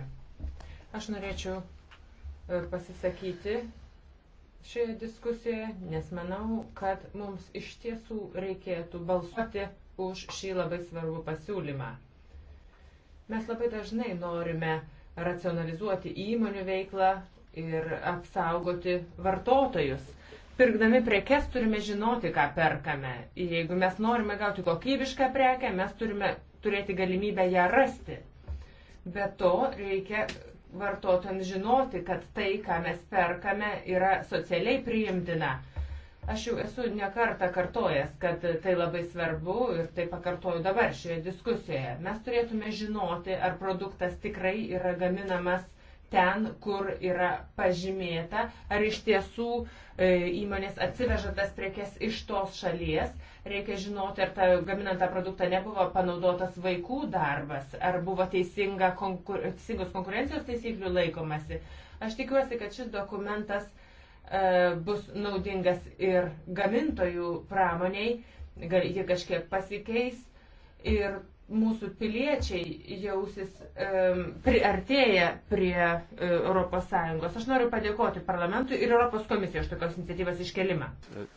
Aš norėčiau e, pasisakyti šioje diskusijoje, nes manau, kad mums iš tiesų reikėtų balsuoti už šį labai svarbų pasiūlymą. Mes labai dažnai norime racionalizuoti įmonių veiklą ir apsaugoti vartotojus. Pirkdami prekes turime žinoti, ką perkame. Jeigu mes norime gauti kokybišką prekę, mes turime turėti galimybę ją rasti. Be to reikia vartotojams žinoti, kad tai, ką mes perkame, yra socialiai priimtina. Aš jau esu nekartą kartojęs, kad tai labai svarbu ir tai pakartoju dabar šioje diskusijoje. Mes turėtume žinoti, ar produktas tikrai yra gaminamas ten, kur yra pažymėta, ar iš tiesų e, įmonės atsiveža tas prekes iš tos šalies Reikia žinoti, ar ta, gaminant tą produktą nebuvo panaudotas vaikų darbas, ar buvo teisinga konkur, teisingos konkurencijos taisyklių laikomasi. Aš tikiuosi, kad šis dokumentas e, bus naudingas ir gamintojų pramoniai, gal jie kažkiek pasikeis ir mūsų piliečiai jausis um, priartėję prie uh, e, ES. Aš noriu padėkoti parlamentui ir Europos komisijai už tokios iniciatyvas iškelimą. E,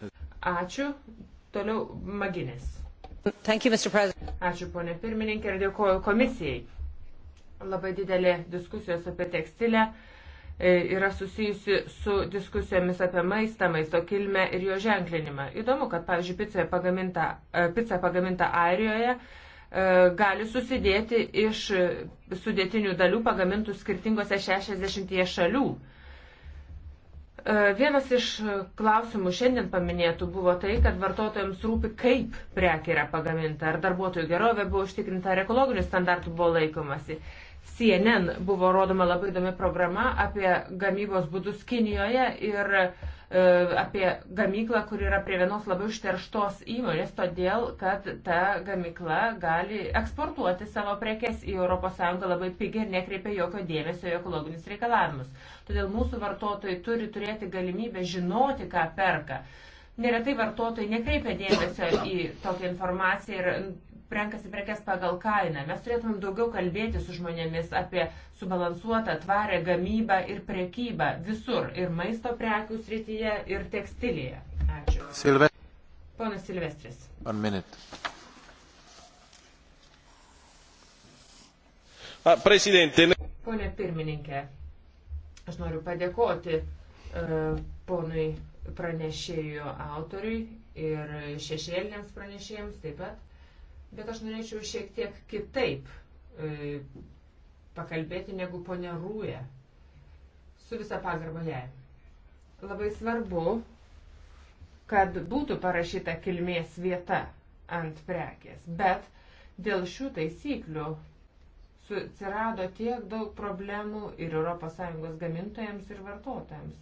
Ačiū. Toliau Maginės. Ačiū, ponė pirmininkė, ir dėkuoju komisijai. Labai didelė diskusijos apie tekstilę e, yra susijusi su diskusijomis apie maistą, maisto kilmę ir jo ženklinimą. Įdomu, kad, pavyzdžiui, pica pagaminta, e, pica pagaminta Airijoje e, gali susidėti iš sudėtinių dalių pagamintų skirtingose 60 šalių. E, vienas iš klausimų šiandien paminėtų buvo tai, kad vartotojams rūpi, kaip prekė yra pagaminta, ar darbuotojų gerovė buvo užtikrinta, ar ekologinių standartų buvo laikomasi. CNN buvo rodoma labai įdomi programa apie gamybos būdus Kinijoje ir uh, E, apie gamyklą, kur yra prie vienos labiau išterštos įmonės, todėl, kad ta gamykla gali eksportuoti savo prekes į ES labai pigiai ir nekreipia jokio dėmesio į ekologinius reikalavimus. Todėl mūsų vartotojai turi turėti galimybę žinoti, ką perka. Neretai vartotojai nekreipia dėmesio į tokią informaciją ir renkasi prekes pagal kainą. Mes turėtumėm daugiau kalbėti su žmonėmis apie subalansuotą, tvarę gamybą ir prekybą visur, ir maisto prekių srityje, ir tekstilėje. Ačiū. Silve. Ponas Silvestris. One minute. Ah, presidente. Pone pirmininkė, aš noriu padėkoti uh, ponui pranešėjų autoriui ir šešėliniams pranešėjams taip pat bet aš norėčiau šiek tiek kitaip e, pakalbėti negu ponia Rūja. Su visa pagarba jai. Labai svarbu, kad būtų parašyta kilmės vieta ant prekės, bet dėl šių taisyklių atsirado tiek daug problemų ir ES gamintojams ir vartotojams.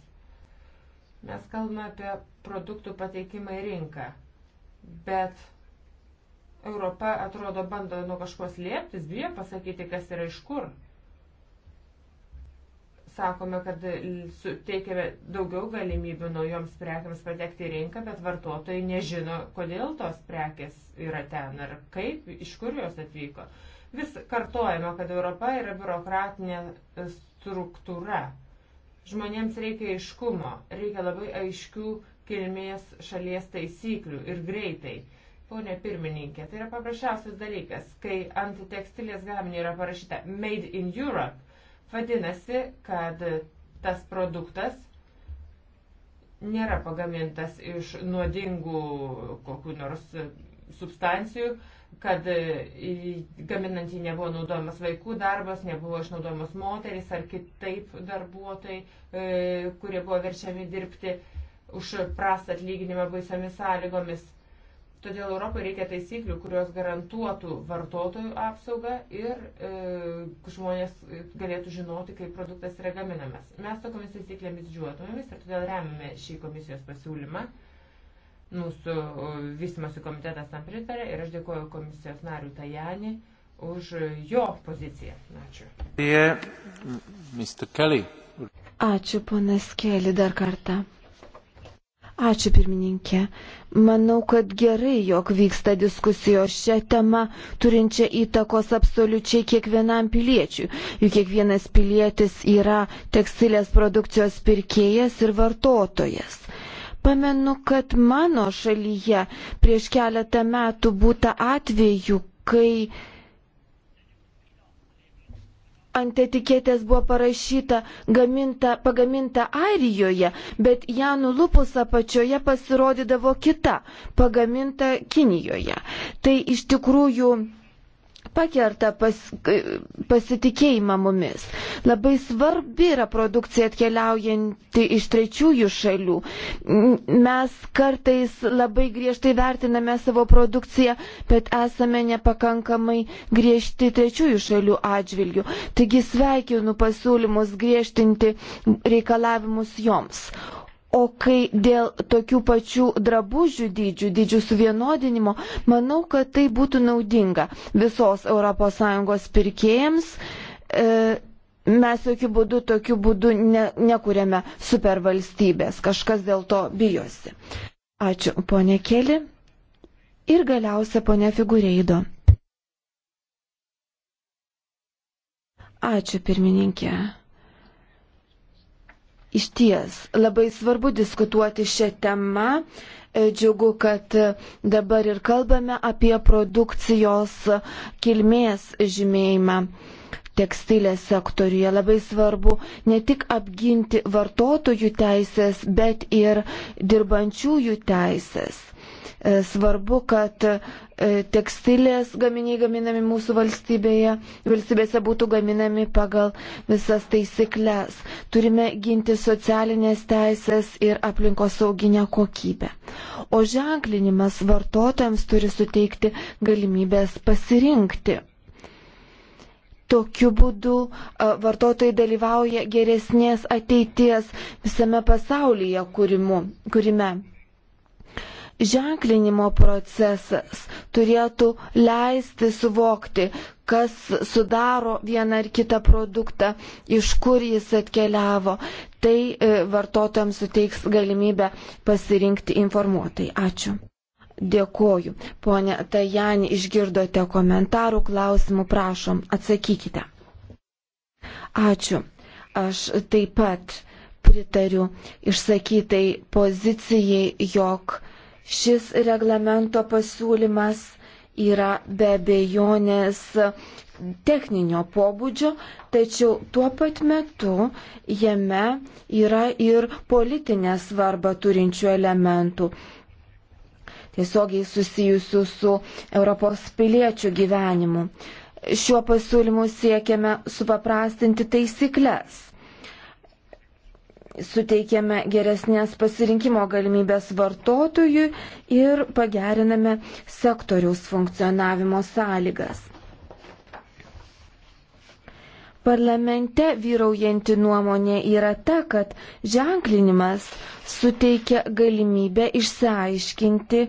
Mes kalbame apie produktų pateikimą į rinką, bet Europa atrodo bando nuo kažko slėptis, bijo pasakyti, kas yra iš kur. Sakome, kad suteikiame daugiau galimybių naujoms prekiams patekti į rinką, bet vartotojai nežino, kodėl tos prekės yra ten ar kaip, iš kur jos atvyko. Vis kartojama, kad Europa yra biurokratinė struktūra. Žmonėms reikia aiškumo, reikia labai aiškių kilmės šalies taisyklių ir greitai Pone pirmininkė, tai yra paprasčiausias dalykas, kai ant tekstilės gaminio yra parašyta Made in Europe, vadinasi, kad tas produktas nėra pagamintas iš nuodingų kokių nors substancijų, kad gaminant jį nebuvo naudojamas vaikų darbas, nebuvo išnaudojamas moteris ar kitaip darbuotojai, e, kurie buvo verčiami dirbti už prastą atlyginimą baisiomis sąlygomis Todėl Europai reikia taisyklių, kurios garantuotų vartotojų apsaugą ir e, žmonės galėtų žinoti, kaip produktas yra gaminamas. Mes tokiamis taisyklėmis džiuotumėmis ir todėl remiame šį komisijos pasiūlymą. Mūsų vystimosi komitetas tam pritarė ir aš dėkuoju komisijos nariu Tajani už jo poziciją. Ačiū. Ačiū, ponas Keli, dar kartą. Ačiū pirmininkė. Manau, kad gerai, jog vyksta diskusijos šią temą, turinčią įtakos absoliučiai kiekvienam piliečiui. Juk kiekvienas pilietis yra tekstilės produkcijos pirkėjas ir vartotojas. Pamenu, kad mano šalyje prieš keletą metų būta atvejų, kai ant etiketės buvo parašyta gaminta, pagaminta Airijoje, bet ją nulupus apačioje pasirodydavo kita, pagaminta Kinijoje. Tai iš tikrųjų pakerta pas, pasitikėjimą mumis. Labai svarbi yra produkcija atkeliaujanti iš trečiųjų šalių. Mes kartais labai griežtai vertiname savo produkciją, bet esame nepakankamai griežti trečiųjų šalių atžvilgių. Taigi sveikinu pasiūlymus griežtinti reikalavimus joms. O kai dėl tokių pačių drabužių dydžių, dydžių suvienodinimo, manau, kad tai būtų naudinga visos ES pirkėjams. E, Mes jokių būdų tokiu būdu ne, nekūrėme supervalstybės, kažkas dėl to bijosi. Ačiū, ponė Keli. Ir galiausia, ponė Figureido. Ačiū, pirmininkė. Iš ties, labai svarbu diskutuoti šią temą. E, džiugu, kad dabar ir kalbame apie produkcijos kilmės žymėjimą tekstilės sektoriuje. Labai svarbu ne tik apginti vartotojų teisės, bet ir dirbančiųjų teisės. E, svarbu, kad E, tekstilės gaminiai gaminami mūsų valstybėje, valstybėse būtų gaminami pagal visas taisyklės. Turime ginti socialinės teisės ir aplinkos sauginę kokybę. O ženklinimas vartotojams turi suteikti galimybės pasirinkti. Tokiu būdu e, vartotojai dalyvauja geresnės ateities visame pasaulyje kūrimu, kūrime ženklinimo procesas turėtų leisti suvokti, kas sudaro vieną ar kitą produktą, iš kur jis atkeliavo. Tai e, vartotojams suteiks galimybę pasirinkti informuotai. Ačiū. Dėkoju. Pone Tajani, išgirdote komentarų, klausimų, prašom, atsakykite. Ačiū. Aš taip pat pritariu išsakytai pozicijai, jog uh, Šis reglamento pasiūlymas yra be bejonės techninio pobūdžio, tačiau tuo pat metu jame yra ir politinę svarbą turinčių elementų tiesiogiai susijusių su Europos piliečių gyvenimu. Šiuo pasiūlymu siekiame supaprastinti taisyklės suteikiame geresnės pasirinkimo galimybės vartotojui ir pageriname sektoriaus funkcionavimo sąlygas. Parlamente vyraujanti nuomonė yra ta, kad ženklinimas suteikia galimybę išsiaiškinti,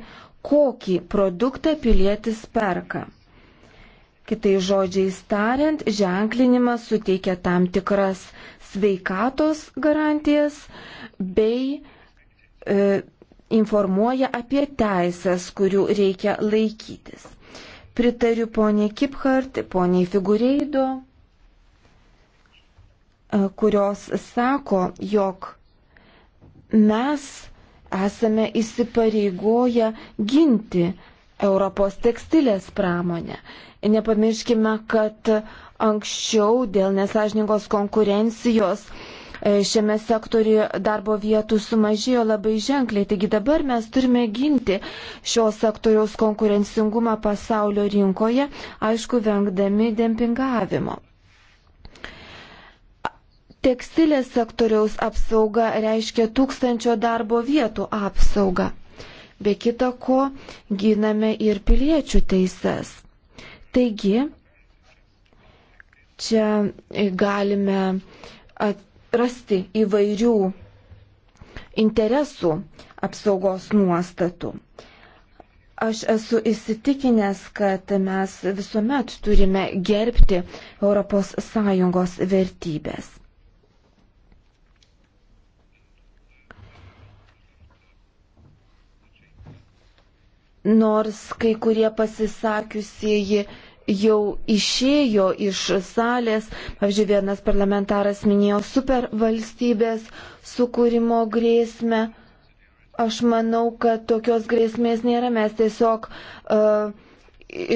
kokį produktą pilietis perka. Kitai žodžiai tariant, ženklinimas suteikia tam tikras sveikatos garantijas bei e, informuoja apie teisės, kurių reikia laikytis. Pritariu poniai Kiphart, poniai Figureido, e, kurios sako, jog mes esame įsipareigoję ginti Europos tekstilės pramonę. Nepamirškime, kad anksčiau dėl nesažningos konkurencijos e, šiame sektoriuje darbo vietų sumažėjo labai ženkliai. Taigi dabar mes turime ginti šio sektoriaus konkurencingumą pasaulio rinkoje, aišku, vengdami dempingavimo. Tekstilės sektoriaus apsauga reiškia tūkstančio darbo vietų apsaugą. Be kita ko, giname ir piliečių teises. Taigi, Čia galime rasti įvairių interesų apsaugos nuostatų. Aš esu įsitikinęs, kad mes visuomet turime gerbti ES vertybės. Nors kai kurie pasisakiusieji jau išėjo iš salės. Pavyzdžiui, vienas parlamentaras minėjo supervalstybės sukūrimo grėsmę. Aš manau, kad tokios grėsmės nėra. Mes tiesiog uh,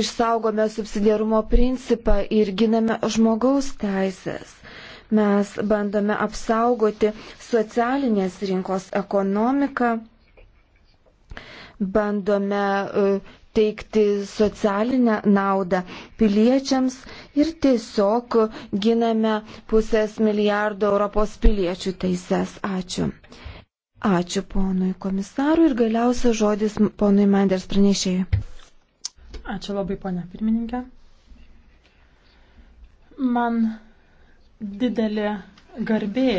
išsaugome subsidiarumo principą ir giname žmogaus teisės. Mes bandome apsaugoti socialinės rinkos ekonomiką, bandome uh, teikti socialinę naudą piliečiams ir tiesiog giname pusės milijardo Europos piliečių teises. Ačiū. Ačiū ponui komisarui ir galiausia žodis ponui Menders pranešėjai. Ačiū labai, ponia pirmininkė. Man didelė garbė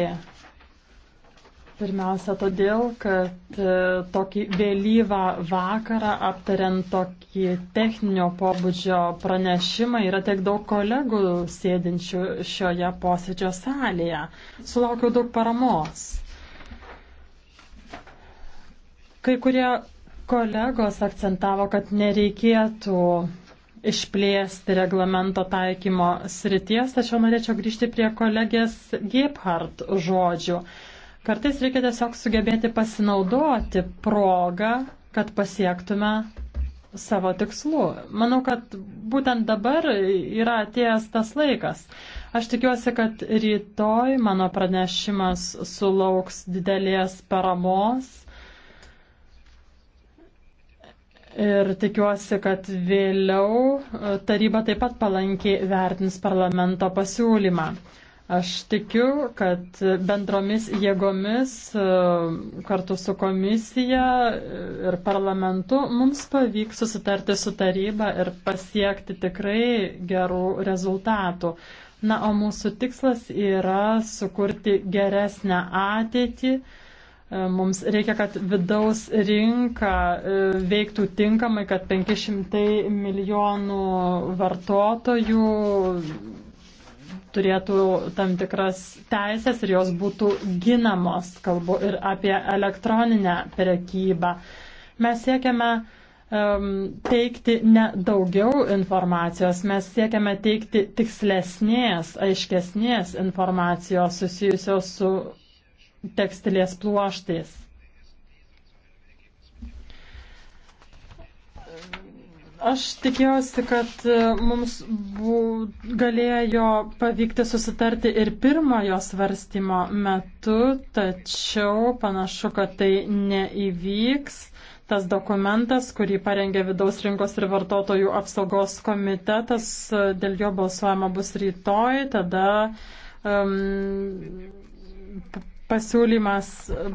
Pirmiausia, todėl, kad e, tokį vėlyvą vakarą aptariant tokį techninio pobūdžio pranešimą yra tiek daug kolegų sėdinčių šioje posėdžio salėje. Sulaukiau daug paramos. Kai kurie kolegos akcentavo, kad nereikėtų išplėsti reglamento taikymo srities, tačiau norėčiau grįžti prie kolegės Gebhardt žodžių. Kartais reikia tiesiog sugebėti pasinaudoti progą, kad pasiektume savo tikslų. Manau, kad būtent dabar yra atėjęs tas laikas. Aš tikiuosi, kad rytoj mano pranešimas sulauks didelės paramos. Ir tikiuosi, kad vėliau taryba taip pat palankiai vertins parlamento pasiūlymą. Aš tikiu, kad bendromis jėgomis e, kartu su komisija ir parlamentu mums pavyks susitarti su taryba ir pasiekti tikrai gerų rezultatų. Na, o mūsų tikslas yra sukurti geresnę ateitį. E, mums reikia, kad vidaus rinka e, veiktų tinkamai, kad 500 milijonų vartotojų turėtų tam tikras teisės ir jos būtų ginamos, kalbu ir apie elektroninę prekybą. Mes siekiame um, teikti ne daugiau informacijos, mes siekiame teikti tikslesnės, aiškesnės informacijos susijusios su tekstilės pluoštais. Aš tikiuosi, kad e, mums bū, galėjo pavykti susitarti ir pirmojo svarstymo metu, tačiau panašu, kad tai neįvyks. Tas dokumentas, kurį parengė vidaus rinkos ir vartotojų apsaugos komitetas, e, dėl jo balsuojama bus rytoj, tada um, pasiūlymas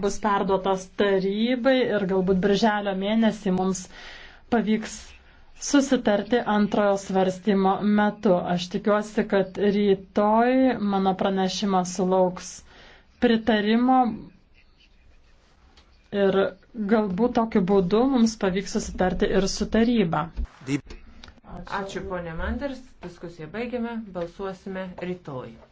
bus perduotas tarybai ir galbūt birželio mėnesį mums pavyks susitarti antrojo svarstymo metu. Aš tikiuosi, kad rytoj mano pranešimas sulauks pritarimo ir galbūt tokiu būdu mums pavyks susitarti ir su taryba. Ačiū, Ačiū ponė Manders, diskusiją baigiame, balsuosime rytoj.